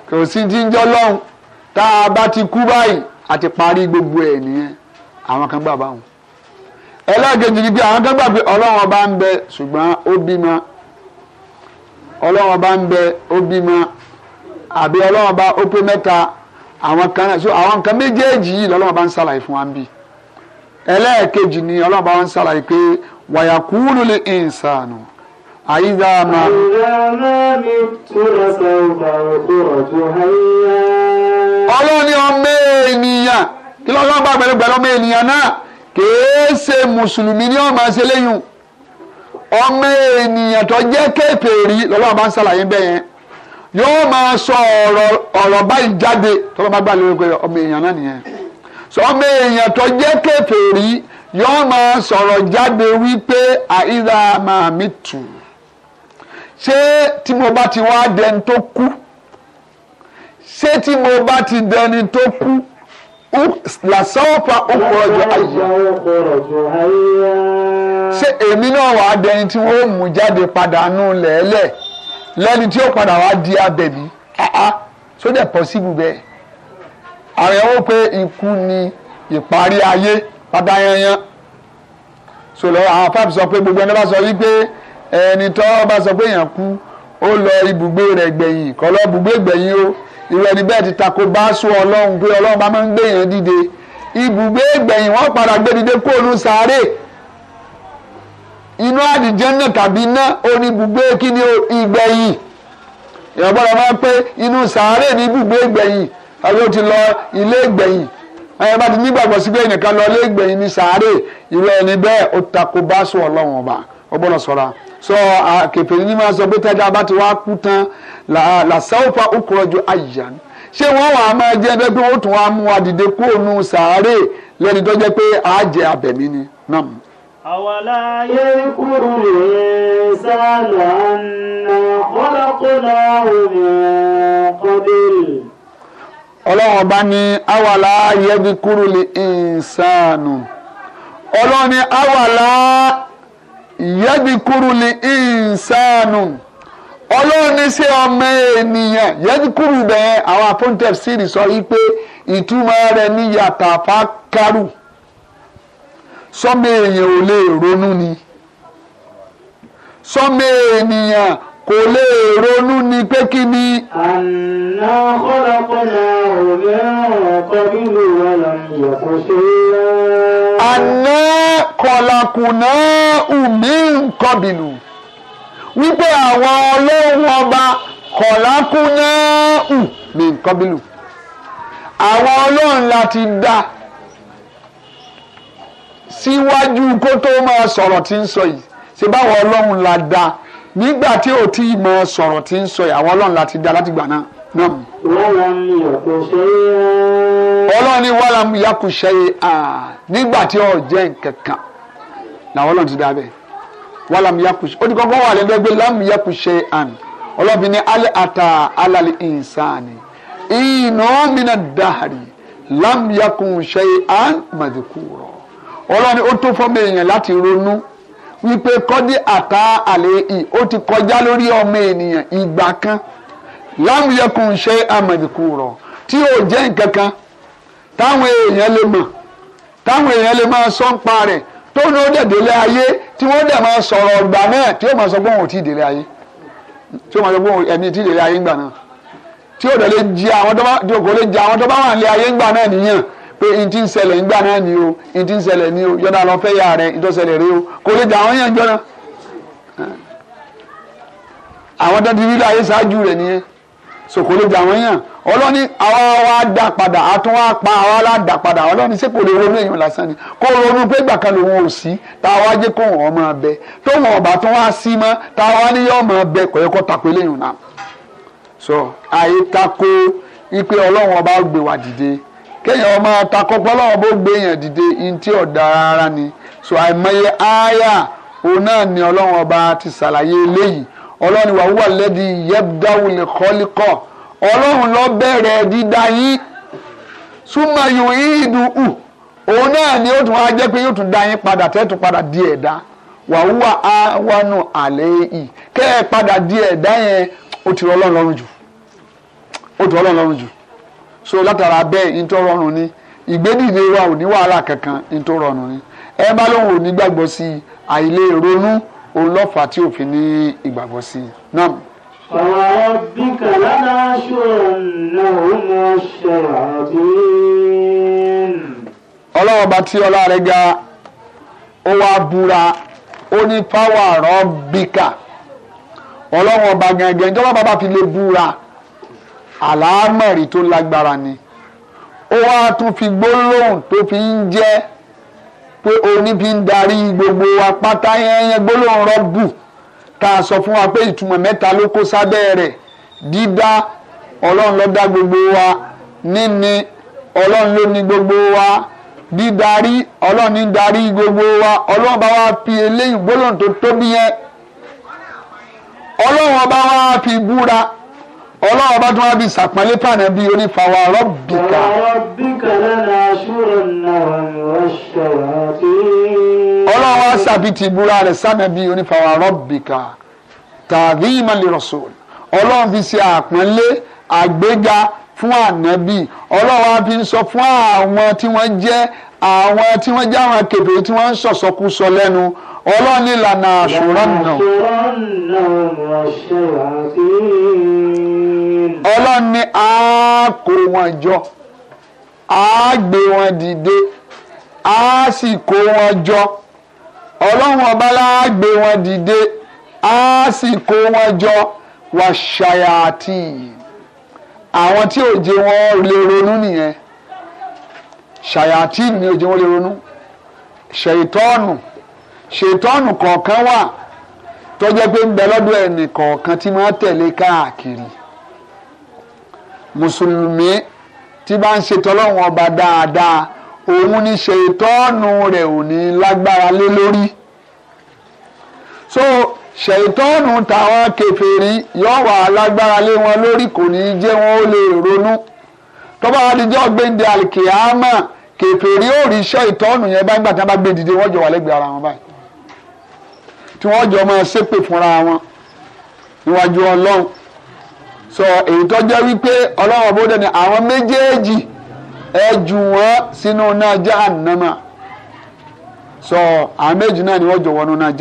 kò sí jíjọ́ lọ́hùn tá a bá ti kú báyìí a ti parí gbogbo ẹ̀ nìyẹn àwọn kan gbà báwọn ẹlẹ́ẹ̀kejì ni pé àwọn kan gbà pé ọlọ́run ọba ń bẹ ṣùgbọ́n ó bímọ ọlọ́run ọba ń bẹ ó bímọ àbí ọlọ́run ọba ó pé mẹ́ta àwọn kan náà so àwọn nǹkan méjèèjì yìí lọ́lọ́wọ́ bá ń ṣàlàyé fún wa ń bì ẹlẹ́ẹ̀kejì ni ọlọ́wọ́ bá ń ṣàlàyé pé wàyàkúrú lè ń sànù àyíká máa. ọlọ́ni ọmọ ènìyàn kí lọ́lọ́wọ́ bá gbẹ̀rẹ̀ gbẹ̀rẹ̀ ọmọ ènìyàn náà kèé mùsùlùmí ni ọmọ ṣe léyìn ọmọ ènìyàn tó jẹ́ kéèpè rí lọ́lọ́wọ́ bá ń ṣàlàyé bẹ́ẹ̀ yẹn yóò máa sọ ọ̀rọ̀ ọ̀rọ̀ báyìí jáde tọ́lọ́ bá gbà lórí pé ọmọ èèyàn náà nìyẹn sọ ọmọ èèyàn tó jẹ́ kèfèrí yóò máa sọ̀rọ̀ jáde wípé àìlà máa mi tù tí mo bá ti wá dẹni tó kú ṣé tí mo bá ti dẹni tó kú ayé ṣé èmi náà dẹni tí wọ́n mú jáde padà lẹ́ni tí ó padà wá di abẹ̀mí so ah, ah. dẹ̀ pọ̀sibù bẹ́ẹ̀ àwọn ẹ̀wọ̀n pé ikú ni ìparí ayé pátáyányán so lọ àwọn fáàpù sọ pé gbogbo ẹni bá sọ wípé ẹni tó bá sọ pé èèyàn kú ó lọ ibùgbé rẹ̀ gbẹ̀yìn kọ́ lọ ibùgbé gbẹ̀yìn o ìwé ẹni bẹ́ẹ̀ ti tako bá sún ọlọ́run pé ọlọ́run bá máa ń gbé èèyàn dìde ibùgbé gbẹ̀yìn wọ́n padà gbé dìde kó olú inú àdìjẹ́nà tàbí iná oníbùgbé kí ni ìgbẹ̀yìn èèyàn gbọ́dọ̀ máa ń pé inú sàárè ní ibùgbé ìgbẹ̀yìn àbí ó ti lọ ilé ìgbẹ̀yìn ẹ̀yìn bá ti nígbàgbọ́ sí pé ẹnìkan lọ ilé ìgbẹ̀yìn ní sàárè ìlú ẹni bẹ́ẹ̀ ó takò bá sùn ọlọ́run ọba ó gbọ́dọ̀ sọ́ra sọ kèfèrí ní máa sọ pé tẹ́jà bá ti wá kú tán làṣàwọ̀fà òkúrọ̀jù àyà ṣé wọ́n wàá máa jẹ́ ẹgbẹ́ pé ó tún wá mú wa dìde kúrò nù sàárè lẹ́ni tó jẹ́ pé àájẹ abẹ̀mí ni náà. أولا يذكر الإنسان أنا خلقناه من قبل ọlọ́run ọba ní awàlá yẹ́díkúrú lè ìsànù ọlọ́run ní awàlá yẹ́díkúrú lè ìsànù ọlọ́run ní ṣé ọmọ ènìyàn yẹ́díkúrú bẹ́ẹ̀ àwọn apóńtẹ̀síìrì sọ wípé ìtumọ̀ rẹ̀ ní yàtàfà kárù sọ́mọ èèyàn ò lè ronú ni sọ́mọ ènìyàn kò lè ronú ni pé kí ni. àná kọ́lọ́kọ́lá òmìnira ọkọ nínú wa là ń ṣe àná kọ̀làkùnà ùmí nǹkan wípé àwọn ọlọ́run ọba kọ̀làkùnà ùmí nǹkan àwọn ọlọ́run láti dá síwájú kó tó máa sọ̀rọ̀ tí ń sọ yìí ṣe báwọn ọlọ́run la dá nígbà tí ò tí ì máa sọ̀rọ̀ tí ń sọ yìí àwọn ọlọ́run la ti dá láti gbà náà. ọlọ́run ní wàhálà mu yakun ṣe é nígbà tí ò jẹ́ nkankan làwọn ọlọ́run ti dá bẹ́ẹ̀ wàhálà mu yakun ṣe ó ti kọ́kọ́ wà lẹ́gbẹ́gbẹ́ lámù yakun ṣe é ní alẹ́ ata alálẹ́ ìsàn ìnà mìíràn dáhàrí lámù yakun ṣe é ọlọ́ni ó tó fọ́mọ èèyàn láti ronú wípé kọ́dí àtà àlè yìí ó ti kọjá lórí ọmọ ènìyàn ìgbà kan láwùyẹkùn ṣe amẹ̀dìkù rọ̀ tí ò jẹ́ nǹkan kan táwọn èèyàn lè mọ̀ táwọn èèyàn lè máa sọ ń pa rẹ̀ tó ní ó dẹ̀ délé ayé tí wọ́n dẹ̀ máa sọ̀rọ̀ ọgbà náà tí ó máa sọ pé òun pé n ti ń ṣẹlẹ̀ náà ni o n ti lọ fẹ́ yà rẹ̀ ìtọ́sẹ̀lẹ̀ rẹ o kò lè dà wọ́n yàn àwọn tó ti rí láyé ṣáájú rẹ̀ so kò lè dà wọ́n ọlọ́ni àwa wa dà padà àtún pa àwa la dà padà ọlọ́ni lè ronú èèyàn lásán ni kò ronú pé ìgbà kan lòun ò sí tá a wá jẹ́ kó máa bẹ tó wá sí mọ́ tá a wá ní máa bẹ ọba gbé wa kéèyàn ọmọ atakọ́pọ́ lọ́wọ́ bó gbé yàn dìde ntí ọ̀dà rárá ni so àìmọye ááyà òun náà ni ọlọ́run ọba ti ṣàlàyé eléyìí ọlọ́run ìwà wúwà lẹ́dí yẹ́bdáwulẹ̀ kọ́líkọ́ ọlọ́run ló bẹ̀rẹ̀ dídá yín súnmọ́ yòó ìdùn ù òun náà ni ó tún wá jẹ́ pé yóò tún dá yín padà tẹ́tù padà di ẹ̀dá wàhùwà áwánù àlẹ́ yìí kẹ́ padà di ẹ̀dá yẹn ó ti rọ ọlọ́run lọ́rùn jù ó ti rọ ọlọ́run lọ́rùn jù so látara bẹ́ẹ̀ n tó rọrùn ni ìgbédìde wa ò ní wàhálà kankan n tó rọrùn ni ẹ bá lóun ò ní gbàgbọ́ sí i àìlè ronú òun lọ́fà tí òfin ní ìgbàgbọ́ sí i náà. فربك لنحشرنهم الشياطين. ọlọ́wọ́ bá tí ọlá rẹ̀ ga ó wá búra ó ní fáwọn àrọ́ bíkà ọlọ́wọ́ ọba gangan ìjọba bàbá fi lè búra àlámọ̀rí tó lágbára ni ó wá tún fi gbólóhùn tó fi ń jẹ́ pé òní fi ń darí gbogbo wa pátá yẹnyẹn gbólóhùn rọ́bù tá a sọ fún wa pé ìtumọ̀ mẹ́ta ló kó sábẹ́ rẹ̀ dídá ọlọ́run ló gbogbo wa níní ọlọ́run ló ní gbogbo wa dídarí ọlọ́run ní darí gbogbo wa ọlọ́run bá wa fi eléyìí gbólóhùn tó tóbi yẹn ọlọ́run ọba wa fi búra ọlọ́run bá tún wá bí sàpọ́nlé pàdé bí onífàwọ̀ rọ́bìkà. ọlọ́run wá sàbìtì ìbúra rẹ̀ sànà bí onífàwọ̀ rọ́bìkà tàbí ìmọ̀lẹ̀ rọ̀sọ̀l ọlọ́run fi ṣe àpọ́nlé àgbéga fún ànábì ọlọ́run á fi ń sọ fún àwọn tí wọ́n jẹ́ àwọn tí wọ́n jẹ́ àwọn kèfèrí tí wọ́n ń sọ̀sọ́kúsọ lẹ́nu ọlọ́run ní ìlànà ọlọ́run ní á kó wọn jọ á gbé wọn dìde á sì kó wọn jọ ọlọ́run ọba lá gbé wọn dìde á sì kó wọn jọ wà ṣàyàtì àwọn tí òjé wọn lè ronú nìyẹn ṣàyàtì ni òjé wọn lè ronú ṣètọ́nù ṣètọ́nù kọ̀ọ̀kan wà tó jẹ́ pé ń bẹ lọ́dọ̀ ẹnì kọ̀ọ̀kan tí máa tẹ̀lé káàkiri mùsùlùmí tí bá ń ṣe tọ́lọ́run ọba dáadáa òun ní ṣe ìtọ́nù rẹ̀ ò ní lágbára lé lórí so ṣètọ́nù táwọn kèfèrí yóò wà lágbára lé wọn lórí kò ní jẹ́ wọn ó lè ronú tọ́ba adijọ́ gbẹ̀ndẹ̀ alikiyama kèfèrí ó rí iṣẹ́ ìtọ́nù yẹn bá ń gbà tí wọ́n bá gbé dìde wọ́n jọ wà lẹ́gbẹ̀ẹ́ ara wọn báyìí tí wọ́n jọ máa ṣépè fúnra wọn níwájú ọlọ́run sọ èyí tó jẹ́ wípé ọlọ́run ọba ó ní àwọn méjèèjì ẹ jù sínú náà jahannama sọ àwọn méjì náà ni wọ́n jọ wọnú náà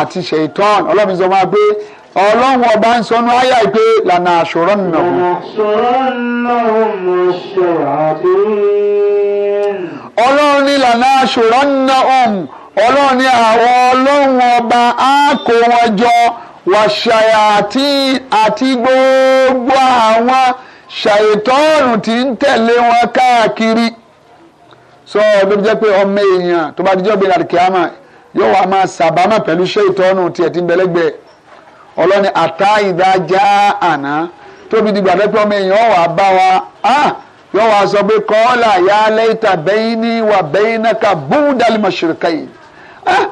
àti ṣèitán ọlọ́run sọ máa ọba ń sọnú lànà àṣọrọ́ ọlọ́run ní lànà àṣọrọ́ ọ̀hún ọlọ́run ní àwọn ọlọ́run ọba á kó wàṣàyà àti gbogbo àwọn ṣàìtọ́ọ̀nù tí ń tẹ̀lé wọn káàkiri sọ ló jẹ́ pé ọmọ èèyàn tó bá dijọ́ bí àdìkíámà yóò wá máa sàbámà pẹ̀lú ṣàìtọ́ọ̀nù tiẹ̀ tí ń bẹ̀lẹ́gbẹ̀ẹ́ ọlọ́ni àtá ìdájà àná tóbi dìgbà tó pé ọmọ èèyàn wà bá wa yóò wá sọ pé kọ́ọ́là yá lẹ́yìntà bẹ́yìn ní wà bẹ́yìn náà ká búndàlímọ̀ ṣìrìkà yìí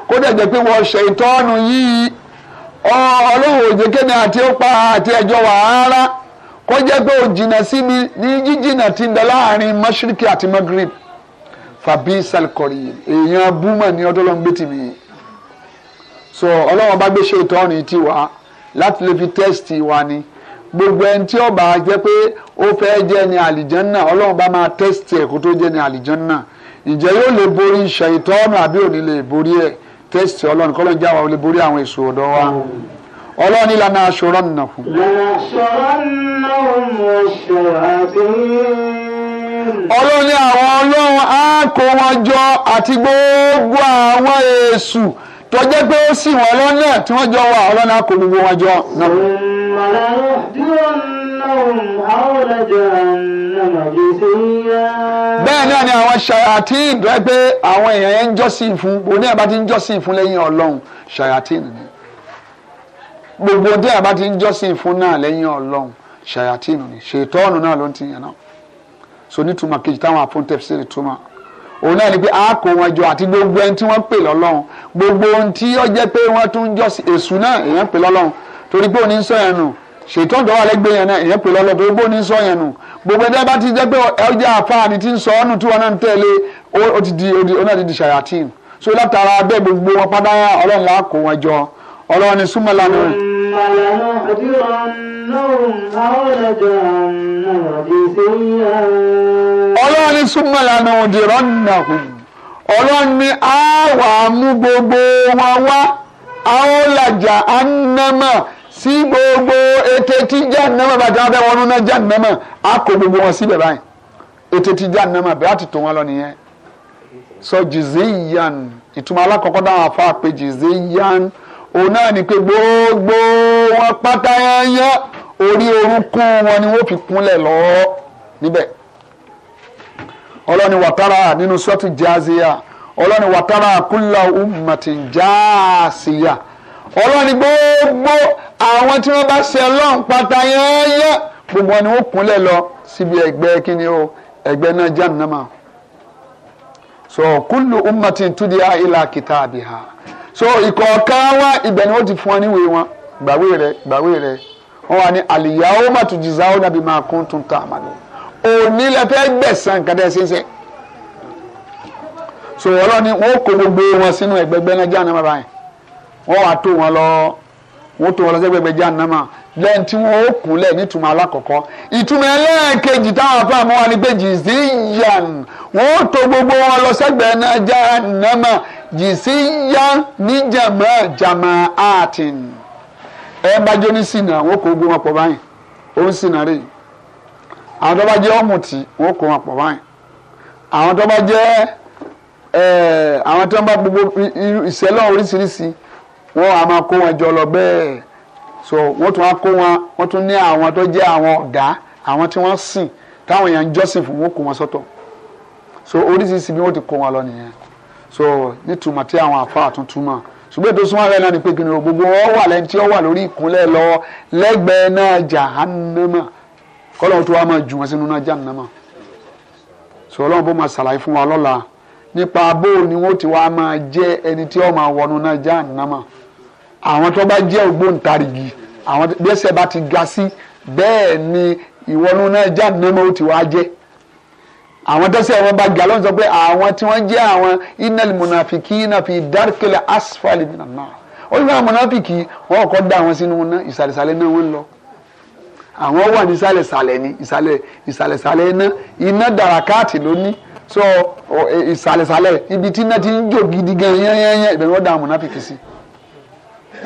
kó dẹ̀ jẹ́ pé wọ́n ṣàìtọ́ọ̀nù yìí ọlọ́run òjò kéde àti ọ̀pá àti ẹjọ́ wà rárá kó jẹ́ pé o jìnnà sí mi ní jíjìnnà ti ń bẹ láàrin mọ́ṣíríkì àti magrib fàbí sàlùkọ̀rì èèyàn búmọ̀ ní ọdún lọ́n gbé tìmí so ọlọ́run bá gbé ṣe ìtọ́rin ti wá láti lè fi tẹ́sítì wa ni gbogbo ẹni tí ó bá jẹ́ pé ó fẹ́ jẹ́ ní àlìjánná ọlọ́run bá máa tẹ́sítì ẹ̀ kó tó jẹ́ ní àlìjánná ǹjẹ́ yóò lè borí ṣàìtọ́nù àbí ò lè borí ẹ̀ tẹ́sítì ọlọ́run kọ́lọ́n jẹ́ àwọn olè borí àwọn èso ọ̀dọ́ wa ọlọ́run ní lana aṣọ̀rọ̀ nà fún. ọlọ́run ní àwọn ọlọ́run á kó wọn jọ àti gbogbo àwọn èṣù tó jẹ́ pé ó sì wọ́n lọ́nà tí wọ́n jọ wà ọlọ́run á kó gbogbo wọn jọ. ọ̀nà لهم حول جهنم جثيا bẹ́ẹ̀ náà ni àwọn ṣayatin rẹ pé àwọn èèyàn yẹn ń jọ́sìn fún oní àbá ti ń jọ́sìn fún lẹ́yìn ọlọ́run ṣayatin ni gbogbo oní àbá ti ń jọ́sìn fún náà lẹ́yìn ọlọ́run ṣayatin ni ṣètọ́ọ̀nù náà ló ń ti yàn náà so nítumọ̀ kejì táwọn àpótẹ́fẹ́sẹ̀ lè túmọ̀ òun náà ni pé a kó wọn jọ àti gbogbo ẹni tí wọ́n pè lọ́lọ́run gbogbo ohun tí ó jẹ́ pé wọ́n tún jọ́sìn èṣù náà èèyàn pè lọ́lọ́run ṣètò ọ̀dọ́ wà lẹ́gbẹ̀ẹ́ yẹn náà ìyẹn pè lọ́lọ́ pé bó sọ yẹn nù gbogbo ẹ̀dá bá ti jẹ́ pé ọjà àfáàní ti ń sọ ọ́nù tí wọ́n náà ń tẹ̀lé ó ti di ó náà ti di ṣàyàtìn so látara bẹ́ẹ̀ gbogbo wọn padà ọlọ́run là kó wọn jọ ọlọ́run ni súnmọ́ lánà. ọlọ́run ni súnmọ́ lánà òdìrọ́ nàkùn ọlọ́run ni á wà á mú gbogbo wọn wá àwọn làjà á nàmọ́ sí gbogbo ètè tí jahannama bàtà wọn fẹ́ wọnú náà jahannama á kó gbogbo wọn síbẹ̀ báyìí ètè tí jahannama bẹ́ẹ̀ á ti tó wọn lọ nìyẹn sọ jìzéyàn ìtumọ̀ alákọ̀ọ́kọ́ dáhùn afá pé jìzéyàn òun náà ni pé gbogbo wọn pátá yányá orí orúnkún wọn ni wọ́n fi kúnlẹ̀ lọ́ọ́ níbẹ̀ ọlọ́ni wàtara nínú sọ́ọ̀tì jáàzíyà ọlọ́ni wàtara kúlọ̀ ummatin jáàsíyà ọlọ́run ni gbogbo àwọn tí wọ́n bá ṣe ọlọ́run pátá yẹ́nyẹ́ gbogbo wọn ni wọ́n kúnlẹ̀ lọ síbi ẹgbẹ́ kíni o ẹgbẹ́ náà jahannama so kullu ummatin tudia ila kitabiha so ìkọ̀ọ̀kan wa ibẹ̀ ni wọ́n ti fún wọn níwèé wọn gbàwé rẹ gbàwé rẹ wọn wà ní àlìyáwó màtújìzáwó nàbí máa kún tún tá a máa lò òní lẹ fẹ́ gbẹ̀sán nǹkan tẹ́ ẹ ṣe ń ṣe so ọlọ́ni wọn kó gbogbo wọn sínú ẹgbẹgbẹ́ náà jáde náà báyìí wọ́n wá tó wọn lọ wọ́n tó wọn lọ sẹ́gbẹ̀gbẹ̀ jahannama lẹ́yìn tí wọ́n ó kúnlẹ̀ nítumọ̀ alákọ̀ọ́kọ́ ìtumọ̀ ẹlẹ́ẹ̀kejì táwọn afẹ́ àmọ́ wa ni pé jìsíyàn wọ́n ó tó gbogbo wọn lọ sẹ́gbẹ̀ẹ́ náà jahannama jìsíyàn ní jàmá jàmá ààtìn ẹ bá jó ní sinna wọn kò gbó wọn pọ̀ báyìí òun sinna rè àwọn tó bá jẹ́ ọ̀mùtì wọn kò wọn pọ̀ báyìí àwọn tó bá jẹ́ àwọn tó bá gbogbo ìṣẹ̀lẹ̀ oríṣiríṣi wọ́n á máa kó wọn jọ lọ bẹ́ẹ̀ so wọ́n tún á kó wọn wọ́n tún ní àwọn tó jẹ́ àwọn ọ̀dà àwọn tí wọ́n sìn táwọn èèyàn ń jọ́sìn fún wọn kó wọn sọ́tọ̀ so oríṣiríṣi bí wọ́n ti kó wọn lọ nìyẹn so nítumọ̀ tí àwọn àfa àtúntúmọ̀ ṣùgbọ́n ètò súnmọ́ rẹ̀ náà ni pé kí ni gbogbo wọn wà lẹ́yìn tí wọ́n wà lórí ìkúnlẹ̀ lọ́wọ́ lẹ́gbẹ̀ẹ́ náà jahannama kọ́lọ́hún tó wá máa jù wọn sínú náà jahannama sọ ọlọ́run bó máa ṣàlàyé fún wa lọ́la nípa bó ni wọ́n ti wá máa jẹ́ ẹni tí wọ́n máa wọnú náà jahannama àwọn tó bá jẹ́ ògbóǹtarìgì àwọn bí ẹsẹ̀ bá ti ga sí bẹ́ẹ̀ ni ìwọ́nú náà jáde ní mo ti wá jẹ́ àwọn tẹ́sẹ̀ wọn bá ga lọ́nà sọ pé àwọn tí wọ́n jẹ́ àwọn inal munafikina fi darkil asfali minan nar ó ní àwọn munafiki wọn kọ́ da àwọn sínú náà ìsàlẹ̀sàlẹ̀ náà wọ́n lọ àwọn wà ní ìsàlẹ̀sàlẹ̀ ní ìsàlẹ̀ ìsàlẹ̀sàlẹ̀ iná iná dàrákàtì ló ní so ìsàlẹ̀sàlẹ̀ ibi tí iná ti ń jò gidi gan yẹ́nyẹ́nyẹ́ ìbẹ̀rù wọn da àwọn munafiki sí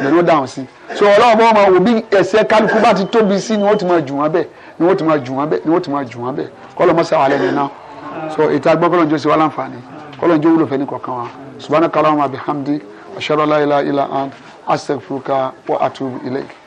ìyẹn ló dáhùn sí so ọlọ́run bá wọn wò bí ẹsẹ̀ kálukú bá ti tóbi sí ni wọ́n ti máa jù wọ́n bẹ́ẹ̀ ni wọ́n ti máa jù wọ́n bẹ́ẹ̀ ni wọ́n ti máa jù wọ́n bẹ́ẹ̀ kọ́lọ́ mọ́ sáwà lẹ́nu náà so ìta gbọ́ kọ́lọ́ njó sí wa láǹfààní kọ́lọ́ njó wúlò fẹ́ni kọ̀ọ̀kan wa subhanaka Allahumma bihamdi ashhadu an la ilaha illa ant astaghfiruka wa atubu ilayk.